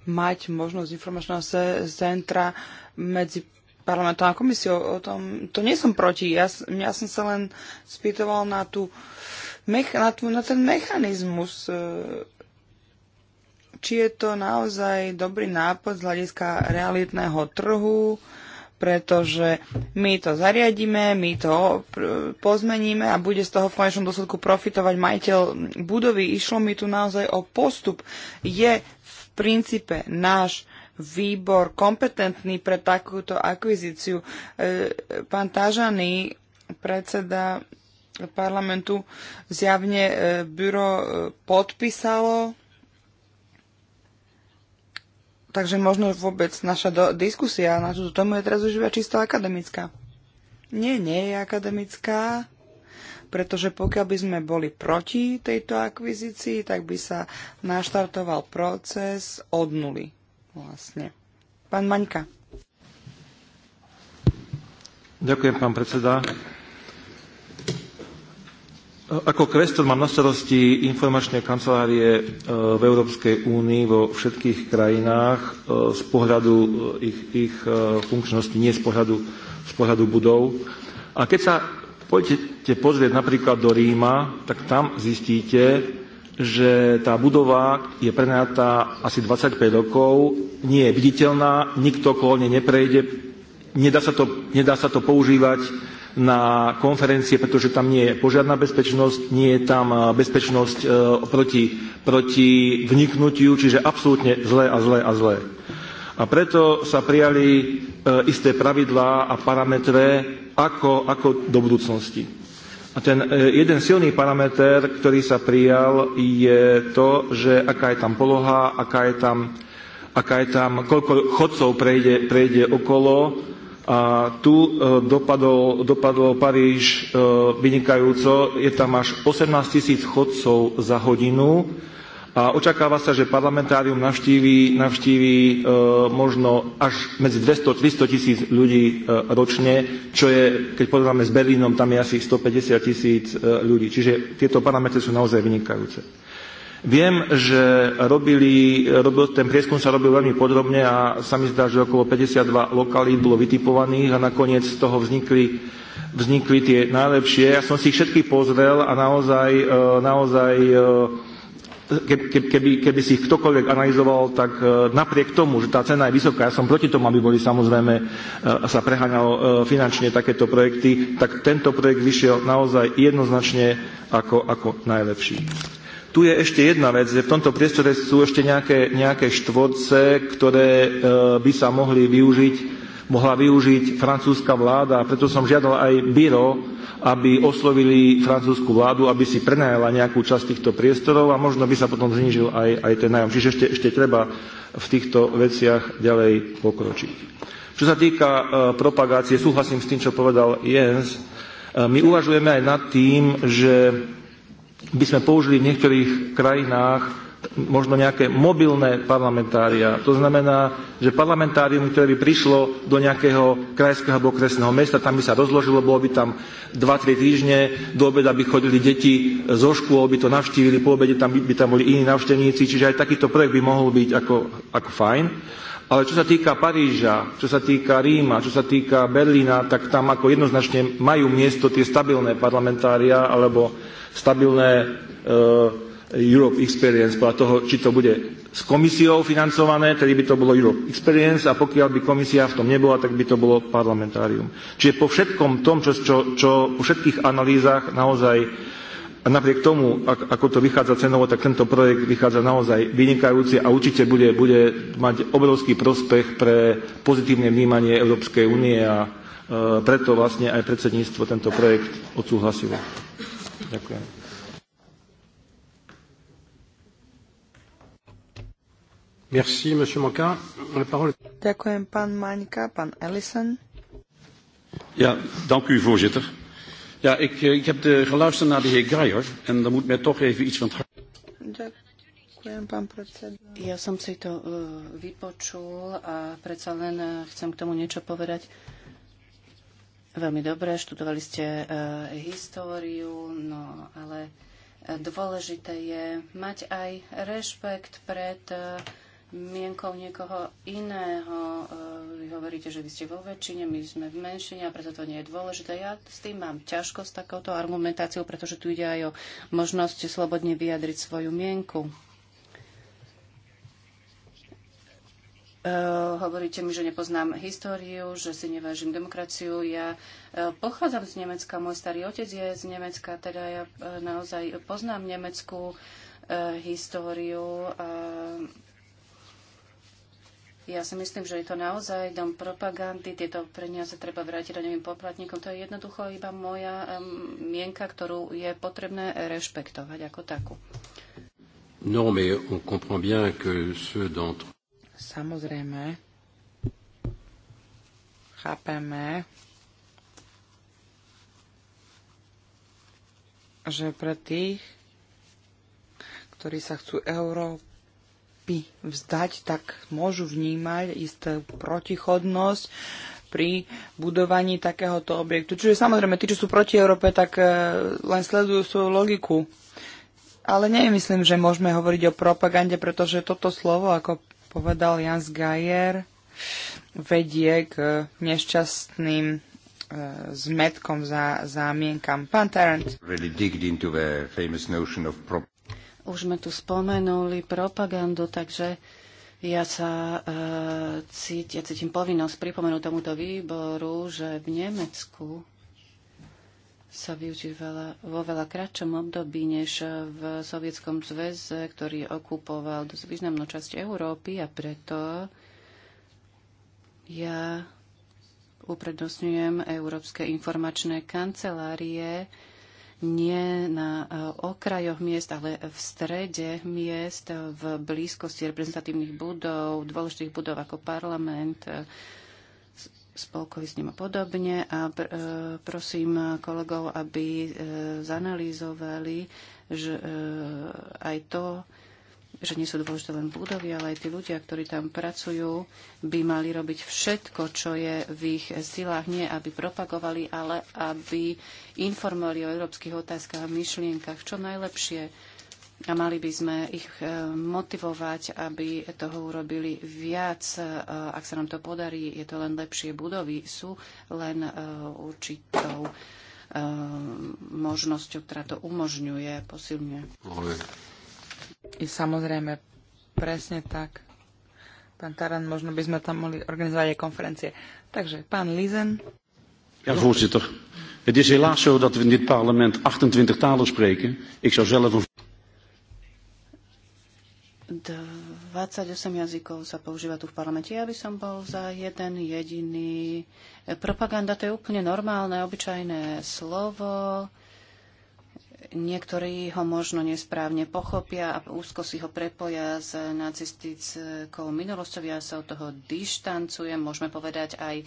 mať možnosť informačného centra medzi parlamentom a komisiou. O tom, to nie som proti. Ja, ja som sa len spýtoval na, tú, na, tú, na ten mechanizmus, e, či je to naozaj dobrý nápad z hľadiska realitného trhu, pretože my to zariadíme, my to pozmeníme a bude z toho v konečnom dôsledku profitovať majiteľ budovy. Išlo mi tu naozaj o postup. Je v princípe náš výbor kompetentný pre takúto akvizíciu. E, pán Tážany, predseda parlamentu, zjavne e, byro e, podpísalo Takže možno vôbec naša do, diskusia na túto tomu je teraz už iba čisto akademická. Nie, nie je akademická, pretože pokiaľ by sme boli proti tejto akvizícii, tak by sa naštartoval proces od nuly vlastne. Pán Maňka. Ďakujem, pán predseda. Ako kvestor mám na starosti informačné kancelárie e, v Európskej únii vo všetkých krajinách e, z pohľadu e, ich, ich funkčnosti, nie z pohľadu, z pohľadu budov. A keď sa pôjdete pozrieť napríklad do Ríma, tak tam zistíte, že tá budova je prenajatá asi 25 rokov, nie je viditeľná, nikto okolo nej neprejde, nedá sa, to, nedá sa to používať na konferencie, pretože tam nie je požiadna bezpečnosť, nie je tam eh, bezpečnosť eh, proti, proti vniknutiu, čiže absolútne zlé a zlé a zlé. A preto sa prijali eh, isté pravidlá a parametre, ako, ako do budúcnosti. A ten e, jeden silný parameter, ktorý sa prijal, je to, že aká je tam poloha, aká je tam, aká je tam koľko chodcov prejde, prejde okolo. A tu e, dopadol, dopadol Paríž e, vynikajúco. Je tam až 18 tisíc chodcov za hodinu a očakáva sa, že parlamentárium navštíví, navštíví e, možno až medzi 200-300 tisíc ľudí e, ročne, čo je, keď porovnáme s Berlínom, tam je asi 150 tisíc e, ľudí. Čiže tieto parametre sú naozaj vynikajúce. Viem, že robili, robil, ten prieskum sa robil veľmi podrobne a sa mi zdá, že okolo 52 lokalít bolo vytipovaných a nakoniec z toho vznikli, vznikli tie najlepšie. Ja som si ich všetky pozrel a naozaj, naozaj keby, keby, keby si ich ktokoľvek analyzoval, tak e, napriek tomu, že tá cena je vysoká, ja som proti tomu, aby boli samozrejme e, sa preháňalo e, finančne takéto projekty, tak tento projekt vyšiel naozaj jednoznačne ako, ako najlepší. Tu je ešte jedna vec, že v tomto priestore sú ešte nejaké, nejaké štvorce, ktoré by sa mohli využiť, mohla využiť francúzska vláda, preto som žiadal aj byro, aby oslovili francúzsku vládu, aby si prenajala nejakú časť týchto priestorov a možno by sa potom znížil aj, aj ten nájom. Čiže ešte, ešte treba v týchto veciach ďalej pokročiť. Čo sa týka e, propagácie, súhlasím s tým, čo povedal Jens. E, my uvažujeme aj nad tým, že by sme použili v niektorých krajinách možno nejaké mobilné parlamentária. To znamená, že parlamentárium, ktoré by prišlo do nejakého krajského alebo okresného mesta, tam by sa rozložilo, bolo by tam 2-3 týždne, do obeda by chodili deti zo škôl, by to navštívili, po obede tam by, by tam boli iní navštevníci, čiže aj takýto projekt by mohol byť ako, ako fajn. Ale čo sa týka Paríža, čo sa týka Ríma, čo sa týka Berlína, tak tam ako jednoznačne majú miesto tie stabilné parlamentária alebo stabilné e, Europe Experience, podľa toho, či to bude s komisiou financované, tedy by to bolo Europe Experience a pokiaľ by komisia v tom nebola, tak by to bolo parlamentárium. Čiže po všetkom tom, čo, čo, čo po všetkých analýzach naozaj a napriek tomu, ako to vychádza cenovo, tak tento projekt vychádza naozaj vynikajúci a určite bude, bude mať obrovský prospech pre pozitívne vnímanie Európskej únie a e, preto vlastne aj predsedníctvo tento projekt odsúhlasilo. Ďakujem. Ďakujem, pán Maňka, pán Ellison. Ja, dank u, voorzitter. Ja, ik, eh, ik heb de, geluisterd naar de heer Geijer en dan moet mij toch even iets van het hart... Ďakujem, pán predseda. Ja som si to uh, vypočul a predsa len uh, chcem k tomu niečo povedať. Veľmi dobre, študovali ste uh, históriu, no ale dôležité je mať aj rešpekt pred uh, mienkou niekoho iného. E, vy hovoríte, že vy ste vo väčšine, my sme v menšine a preto to nie je dôležité. Ja s tým mám ťažkosť takouto argumentáciou, pretože tu ide aj o možnosť slobodne vyjadriť svoju mienku. E, hovoríte mi, že nepoznám históriu, že si nevážim demokraciu. Ja e, pochádzam z Nemecka, môj starý otec je z Nemecka, teda ja naozaj poznám nemeckú históriu. Ja si myslím, že je to naozaj dom propagandy, tieto peniaze treba vrátiť daňovým poplatníkom. To je jednoducho iba moja mienka, ktorú je potrebné rešpektovať ako takú. No, mais on comprend bien que ceux d'entre... Samozrejme, chápeme, že pre tých, ktorí sa chcú Európ by vzdať, tak môžu vnímať istú protichodnosť pri budovaní takéhoto objektu. Čiže samozrejme, tí, čo sú proti Európe, tak e, len sledujú svoju logiku. Ale nemyslím, že môžeme hovoriť o propagande, pretože toto slovo, ako povedal Jans Geier, vedie k nešťastným e, zmetkom za zámienkam. Pán Tarant. Really už sme tu spomenuli propagandu, takže ja sa e, cítim, ja cítim povinnosť pripomenúť tomuto výboru, že v Nemecku sa využívala vo veľa kratšom období než v Sovietskom zväze, ktorý okupoval dosť významnú časť Európy a preto ja uprednostňujem európske informačné kancelárie, nie na eh, okrajoch miest, ale v strede miest, eh, v blízkosti reprezentatívnych budov, dôležitých budov ako parlament, eh, spolkovi s ním a podobne. A pr- prosím kolegov, aby zanalýzovali že, aj to, že nie sú dôležité len budovy, ale aj tí ľudia, ktorí tam pracujú, by mali robiť všetko, čo je v ich silách, nie aby propagovali, ale aby informovali o európskych otázkach a myšlienkach čo najlepšie. A mali by sme ich eh, motivovať, aby toho urobili viac. Eh, ak sa nám to podarí, je to len lepšie. Budovy sú len eh, určitou možnosťou, ktorá to umožňuje, posilňuje. I samozrejme, presne tak. Pán Taran, možno by sme tam mohli organizovať aj konferencie. Takže, pán Lizen. Ja, voorzitter. Het is helaas zo dat we in dit parlement 28 talen spreken. Ik zou zelf een... 28 jazykov sa používa tu v parlamente. Ja by som bol za jeden jediný. Propaganda to je úplne normálne, obyčajné slovo. Niektorí ho možno nesprávne pochopia a úzko si ho prepoja s nacistickou minulosťou. Ja sa od toho dištancujem, môžeme povedať aj e,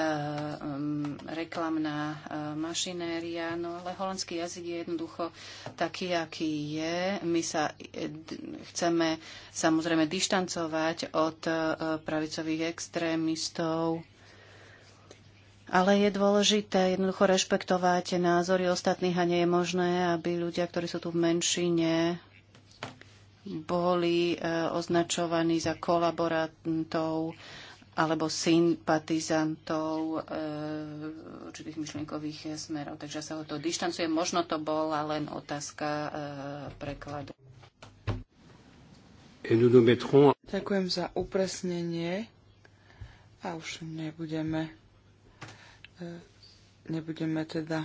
mm, reklamná e, mašinéria, no ale holandský jazyk je jednoducho taký, aký je. My sa e, chceme samozrejme dištancovať od e, pravicových extrémistov, ale je dôležité jednoducho rešpektovať názory ostatných a nie je možné, aby ľudia, ktorí sú tu v menšine, boli e, označovaní za kolaborantov alebo sympatizantov e, určitých myšlienkových e, smerov. Takže sa ho to dištancuje. Možno to bola len otázka prekladu. Ďakujem za upresnenie a už nebudeme Nebudeme teda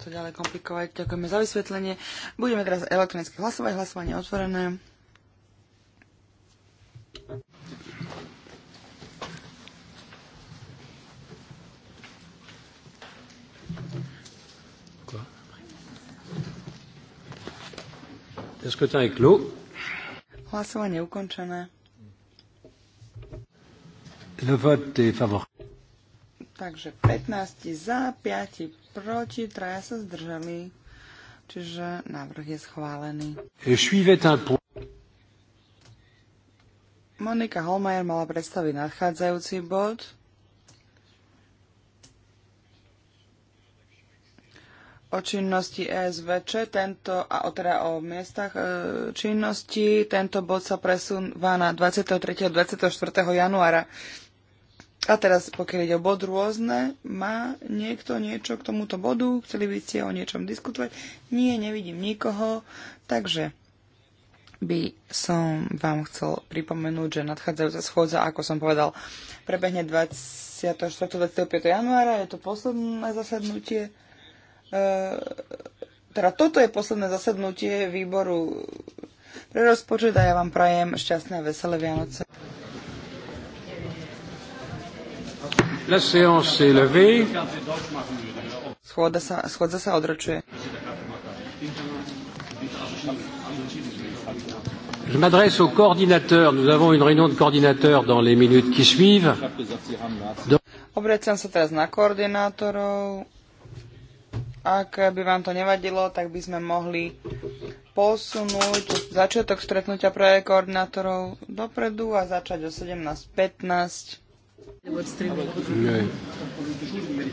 to ďalej komplikovať. Ďakujeme za vysvetlenie. Budeme teraz elektronicky hlasovať. Hlasovanie otvorené. Hlasovanie ukončené. Le vote est favorable. Takže 15 za, 5 proti, traja sa zdržali. Čiže návrh je schválený. Monika Holmajer mala predstaviť nadchádzajúci bod. o činnosti ESVČ, tento, a teda o miestach e, činnosti. Tento bod sa presúva na 23. a 24. januára a teraz, pokiaľ ide o bod rôzne, má niekto niečo k tomuto bodu? Chceli by ste o niečom diskutovať? Nie, nevidím nikoho. Takže by som vám chcel pripomenúť, že nadchádzajúca schôdza, ako som povedal, prebehne 24. 25. januára. Je to posledné zasadnutie. E, teda toto je posledné zasadnutie výboru pre rozpočet a ja vám prajem šťastné a veselé Vianoce. La séance est levée. Schôdza sa, schôdza sa odročuje. Je m'adresse aux coordinateurs. Nous avons une réunion de coordinateurs dans les minutes qui suivent. Dans... Obreciam sa teraz na koordinátorov. Ak by vám to nevadilo, tak by sme mohli posunúť začiatok stretnutia pre koordinátorov dopredu a začať o 17.15. Nee.